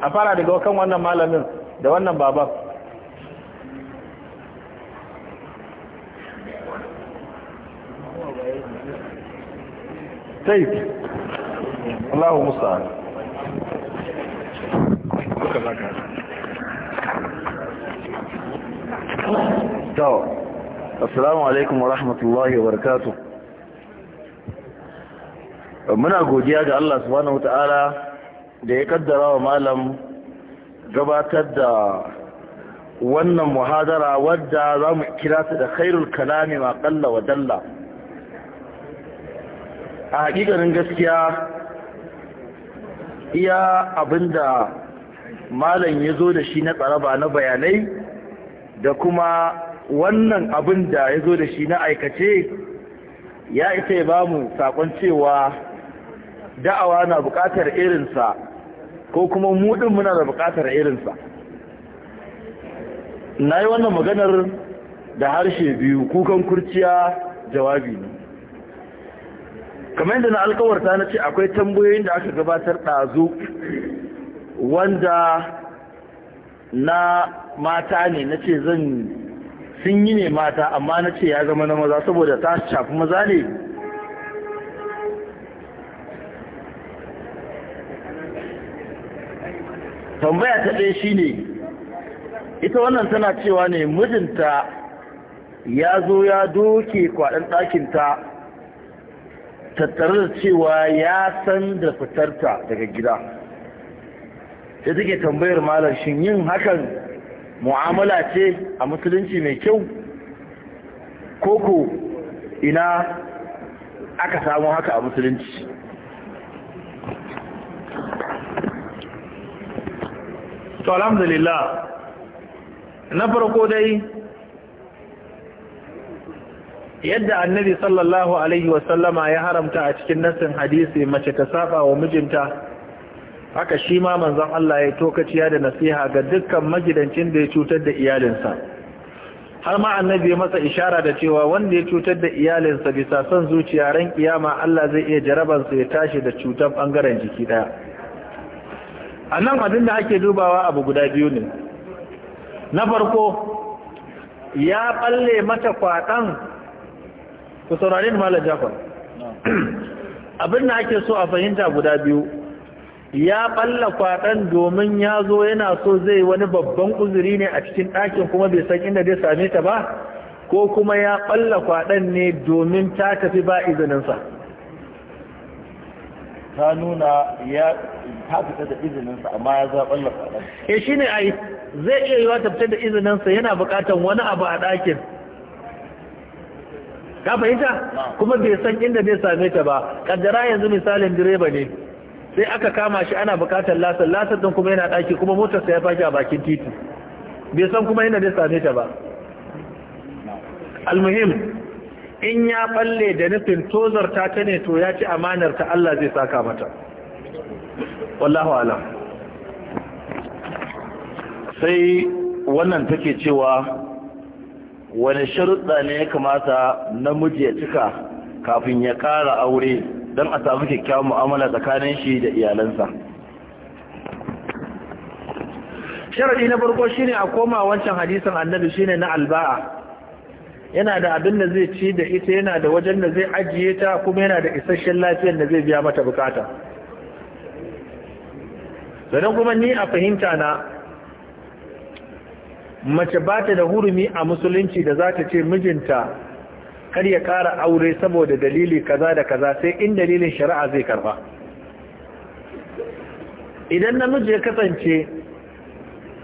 a fara daga kan wannan malamin da wannan baban sai Allahu musa Thank you. to assalamu alaikum wa rahmatullahi wa muna godiya ga Allah subhanahu ta'ala da ya kaddara wa malam gabatar da wannan muhadara wadda za mu kira ta da khairul kalami ma kalla wa dalla a hakikanin gaskiya iya abinda malam ya zo da shi na tsaraba na bayanai da kuma wannan abin da ya zo da shi na aikace ya ita ya ba mu sakon cewa da'awa na bukatar irinsa ko kuma mudin muna da bukatar irinsa na yi wannan maganar da harshe biyu kukan kurciya jawabi ne kamar yadda na alkawarta na ce akwai tambayoyin da aka gabatar ɗazu wanda na mata ne na ce zan sun yi ne mata amma na ce ya zama na maza saboda ta shafi maza ne tambaya ta ɗaya shi ne ita wannan tana cewa ne mijinta ya zo ya doke kwaɗin ɗakinta tattare da cewa ya san da fitarta daga gida sai take tambayar malar shin yin hakan mu'amala ce a musulunci mai kyau koko ina aka samu haka a musulunci to alhamdulillah na farko dai yadda annabi sallallahu alaihi wasallama ya haramta a cikin nassin hadisi mace ta saba wa mijinta haka shi ma manzon Allah ya tokaciya da nasiha ga dukkan magidancin da ya cutar da iyalinsa har ma annabi ya masa ishara da cewa wanda ya cutar da iyalinsa bisa son zuciya ran kiyama Allah zai iya jarabansa ya tashi da cutar bangaren jiki daya a nan abin da ake dubawa abu guda biyu ne na farko ya balle mata kwaɗan ku saurari jafar abin da ake so a fahimta guda biyu ya balla kwaɗan domin ya zo yana so zai wani babban uzuri ne a cikin ɗakin kuma bai san inda zai same ta ba ko kuma ya balla kwaɗan ne domin ta tafi ba izininsa ta nuna ya ta fita da izininsa amma ya za balla kwaɗan eh shi ne ai zai iya yiwa ta fita da izininsa yana buƙatar wani abu a ɗakin ka fahimta kuma bai san inda zai same ta ba kaddara yanzu misalin direba ne sai aka kama shi ana bukatar lasar lasar don kuma yana daki kuma motarsa ya faki a bakin titi bai san kuma yana da same ta ba almuhim in ya balle da nufin tozarta ta ne to ya ci amanar ta Allah zai saka mata wallahu alam sai wannan take cewa wani sharuɗa ne ya kamata namiji ya cika kafin ya ƙara aure don a samu kyakkyawan mu'amala tsakanin shi da iyalansa sharadi na farko shine a koma wancan hadisin annabi shine na alba'a yana da abin da zai ci da ita yana da wajen da zai ajiye ta kuma yana da isasshen lafiyar da zai biya mata bukata zanen kuma ni a fahimta na mace ba ta da hurumi a musulunci da za ta ce mijinta kar ya ƙara aure saboda dalili kaza da kaza sai in dalilin shari'a zai karba idan namiji ya kasance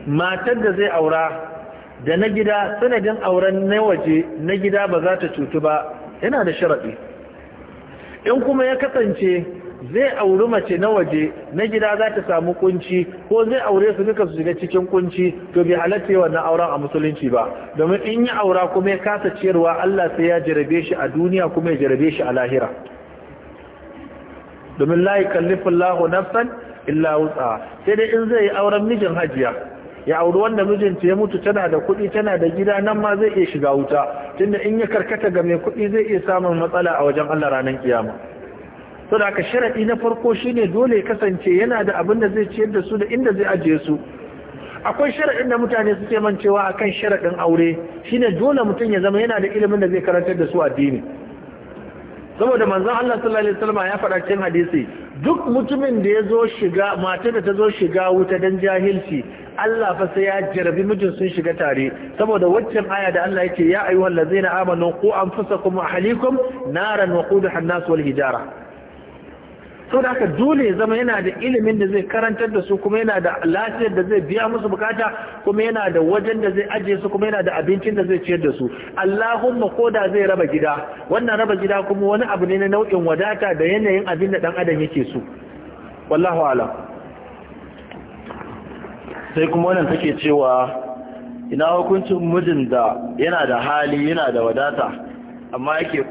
matar da zai aura da na gida sanadin auren na waje na gida ba za ta cutu ba yana da sharaɗi in kuma ya kasance zai auri mace na waje na gida za ta samu kunci ko zai aure su duka su shiga cikin kunci to bai halatta wannan auren a musulunci ba domin in yi aura kuma ya kasa ciyarwa Allah sai ya jarabe shi a duniya kuma ya jarabe shi a lahira domin la yukallifu Allahu nafsan illa wutsa. sai dai in zai yi auren mijin hajiya ya auri wanda mijinta ya mutu tana da kuɗi tana da gida nan ma zai iya shiga wuta tunda in ya karkata ga mai kuɗi zai iya samun matsala a wajen Allah ranar kiyama sau da aka sharaɗi na farko shine dole kasance yana da abin da zai ciyar da su da inda zai ajiye su akwai sharaɗin da mutane su suke a akan sharaɗin aure shine dole mutum ya zama yana da ilimin da zai karantar da su addini saboda manzon Allah sallallahu alaihi wasallam ya faɗa cikin hadisi duk mutumin da ya zo shiga matar da ta zo shiga wuta dan jahilci Allah fa sai ya jarabi mijin sun shiga tare saboda waccan aya da Allah yake ya ayyuhallazina amanu qu anfusakum wa ahlikum naran waqudaha an-nas wal hijara so da haka dole ya zama yana da ilimin da zai karantar da su kuma yana da lafiyar da zai biya musu bukata kuma yana da wajen da zai ajiye su kuma yana da abincin da zai ciyar da su Allahumma da zai raba gida wannan raba gida kuma wani abu ne na nau'in wadata da yanayin abin da dan adam yake so wallahu a'lam sai kuma wannan take cewa ina hukuncin mijin da yana da hali yana da wadata amma yake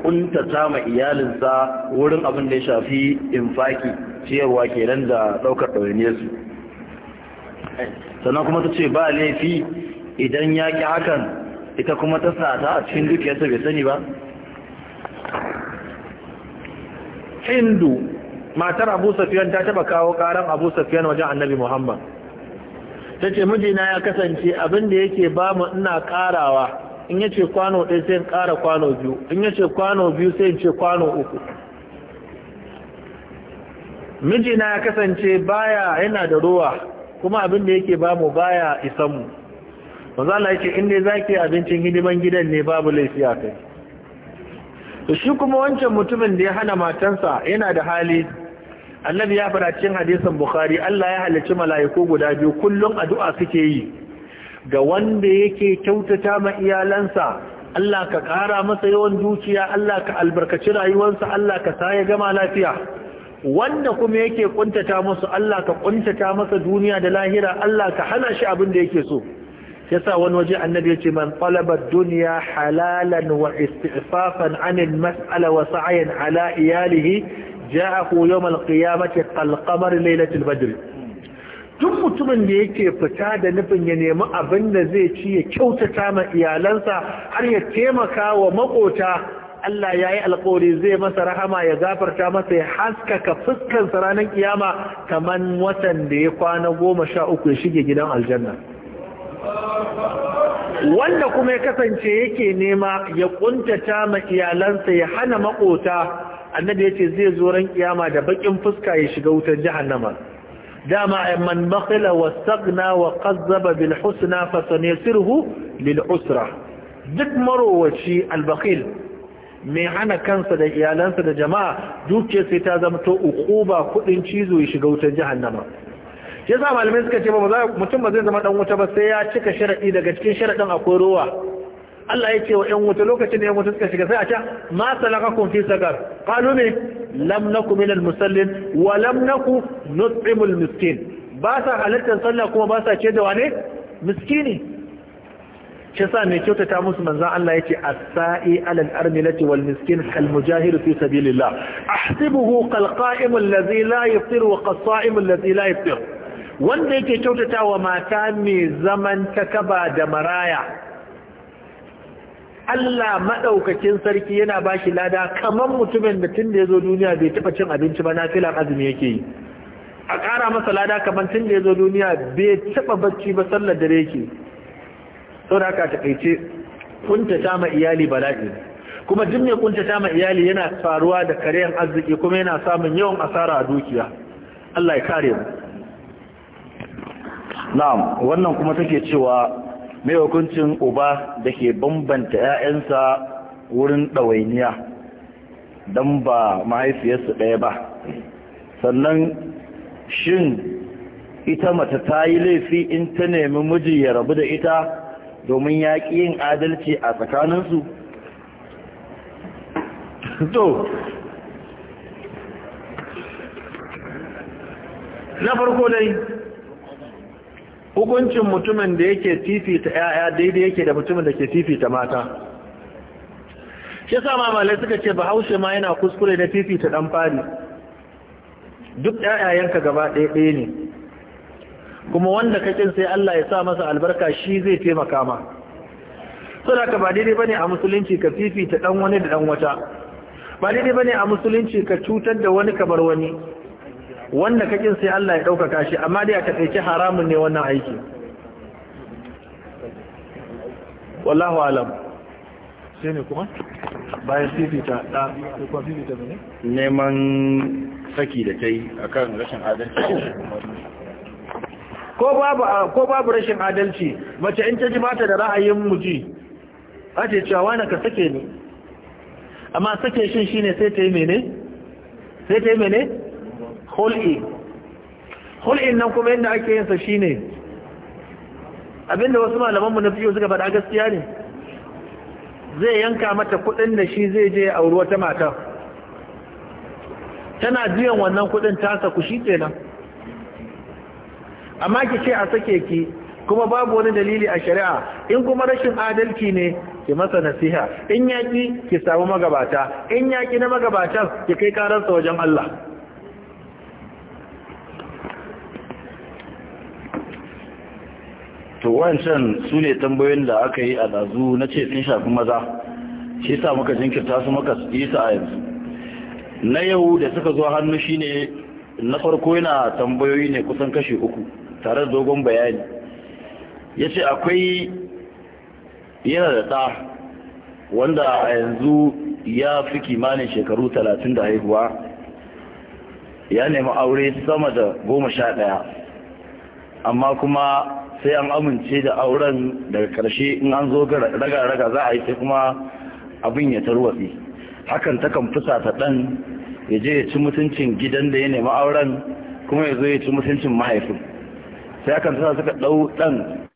ta ma iyalinsa wurin abin da ya shafi infaki ciyarwa kenan da daukar su sannan kuma ta ce ba laifi idan ya ƙi hakan ita kuma ta sata a cikin dukiyarsa bai sani ba hindu matar abu safiyan ta taba kawo karan abu safiyan wajen annabi muhammad ta ce mijina ya kasance abin da yake ba mu ina karawa in ya ce kwano ɗaya sai ƙara kwano biyu in ya ce kwano biyu sai in ce kwano uku mijina ya kasance baya yana da ruwa kuma abin da yake bamu baya isanmu mazala yake inda za ke abincin hidiman gidan ne babu laifi a kai da shi kuma wancan mutumin da ya hana matansa yana da hali annabi ya fara cikin hadisin bukhari Allah ya halarci mala'iku guda biyu kullum addu'a suke yi ga wanda yake kyautata ma iyalansa Allah ka ƙara masa yawan dukiya Allah ka albarkaci rayuwarsa Allah ka saya gama lafiya wanda kuma yake kuntata musu Allah ka kuntata masa duniya da lahira Allah ka hana shi abin da yake so yasa wani waje annabi yace man talaba dunya halalan wa istifafan an al-mas'ala wa sa'yan ala iyalihi ja'ahu yawm al-qiyamati kal qamar laylatil badr duk mutumin da yake fita da nufin ya nemi abin da zai ci ya kyautata ma iyalansa har ya taimaka wa makota Allah ya yi alkawari zai masa rahama ya gafarta masa ya haskaka fuskansa ranar kiyama kamar watan da ya kwana goma sha uku ya shige gidan aljanna wanda kuma ya kasance yake nema ya kuntata ma iyalansa ya hana makota annabi ya ce zai zo ran kiyama da bakin fuska ya shiga wutar jahannama dama man bakhila wastaghna wa qazzaba bil husna fa sanaysiruhu lil usra duk marowaci al bakhil mai hana kansa da iyalansa da jama'a duke sai ta zama to ukuba kudin cizo ya shiga wutar jahannama shi yasa malamai suka ce ba mutum ba zai zama dan wuta ba sai ya cika sharadi daga cikin sharadin akwai ruwa Allah ya ce wa ‘yan wuta lokacin da ‘yan wuta suka shiga sai a can, ma salaka kun fi sagar, kalu ne, lam na ku minal musallin, wa lam na ku nutsimul miskin, ba sa halittar sallah kuma ba sa ce da wane? Miskini. Shi sa mai ta musu manzan Allah ya ce, a alal armilati wal miskin kal mujahiru fi sabilillah, ahsibuhu kal qa'imul ladzi la yaftir wa qasa'imul ladzi la yaftir. Wanda yake kyautata wa mata mai zaman takaba da maraya, Allah maɗaukakin sarki yana ba shi lada kamar mutumin da tun da ya zo duniya bai taɓa cin abinci ba na filan azumi yake yi a ƙara masa lada kamar tun da ya zo duniya bai taɓa bacci ba sallar dare yake sau da aka taƙaice kuntata ma iyali bala'i kuma duk mai kuntata ma iyali yana faruwa da karyan arziki kuma yana samun yawan asara a dukiya Allah ya kare mu na'am wannan kuma take cewa mai hukuncin uba da ke bambanta 'ya'yansa wurin ɗawainiya don ba mahaifiyarsu ɗaya ba sannan shin ita mata ta yi laifi in ta nemi miji ya rabu da ita domin ya ƙi yin adalci a tsakaninsu? to na farko dai hukuncin mutumin da yake fifita ‘ya'ya daidai yake da mutumin da ke fifita mata shi sa mamalai suka ce bahaushe ma yana kuskure na fifita ɗan fari duk ‘ya'yayenka gaba ɗaya ne kuma wanda kakin sai Allah ya sa masa albarka shi zai taimaka ma so da ka ba daidai bane a musulunci ka fifita ɗan wani da ɗan wata ba daidai bane a musulunci ka cutar da wani kamar wani wanda ka kin sai Allah ya ɗaukaka shi amma dai aka ɗauki haramun ne wannan aiki wallahu alam sai ne kuma bayan fifita da kuma ne neman saki da kai akan rashin adalci ko babu ko babu rashin adalci mace in ta ji mata da ra'ayin muji ace cewa wani ka sake ni amma sake shin shine sai ta yi mene sai ta yi mene hul'i hul'in nan kuma yadda ake yinsa shine abinda wasu malamanmu na fiye suka faɗa gaskiya ne zai yanka mata kuɗin da shi zai je a auri wata mata tana biyan wannan kuɗin tasa ku shi kenan amma ki ce a sake ki kuma babu wani dalili a shari'a in kuma rashin adalci ne ki masa nasiha in yaƙi ki samu magabata in yaƙi na magabatan ki kai kararsa wajen Allah to wancan su ne tambayoyin da aka yi a dazu na ce sun shafi maza shi sa muka jinkirta su muka yi a yanzu na yau da suka zo hannu shi ne na farko yana tambayoyi ne kusan kashi uku tare da dogon bayani ya ce akwai yana da ɗa wanda a yanzu ya fi kimanin shekaru talatin da haihuwa ya nemi aure sama da goma sha ɗaya amma kuma sai an amince da auren daga karshe in an zo raga-raga za a yi sai kuma abin ya tarwatsi hakan takan fusa ta ɗan ya je ya ci mutuncin gidan da ya nemi auren kuma ya zo ya ci mutuncin mahaifin sai hakan ta suka ɗau ɗan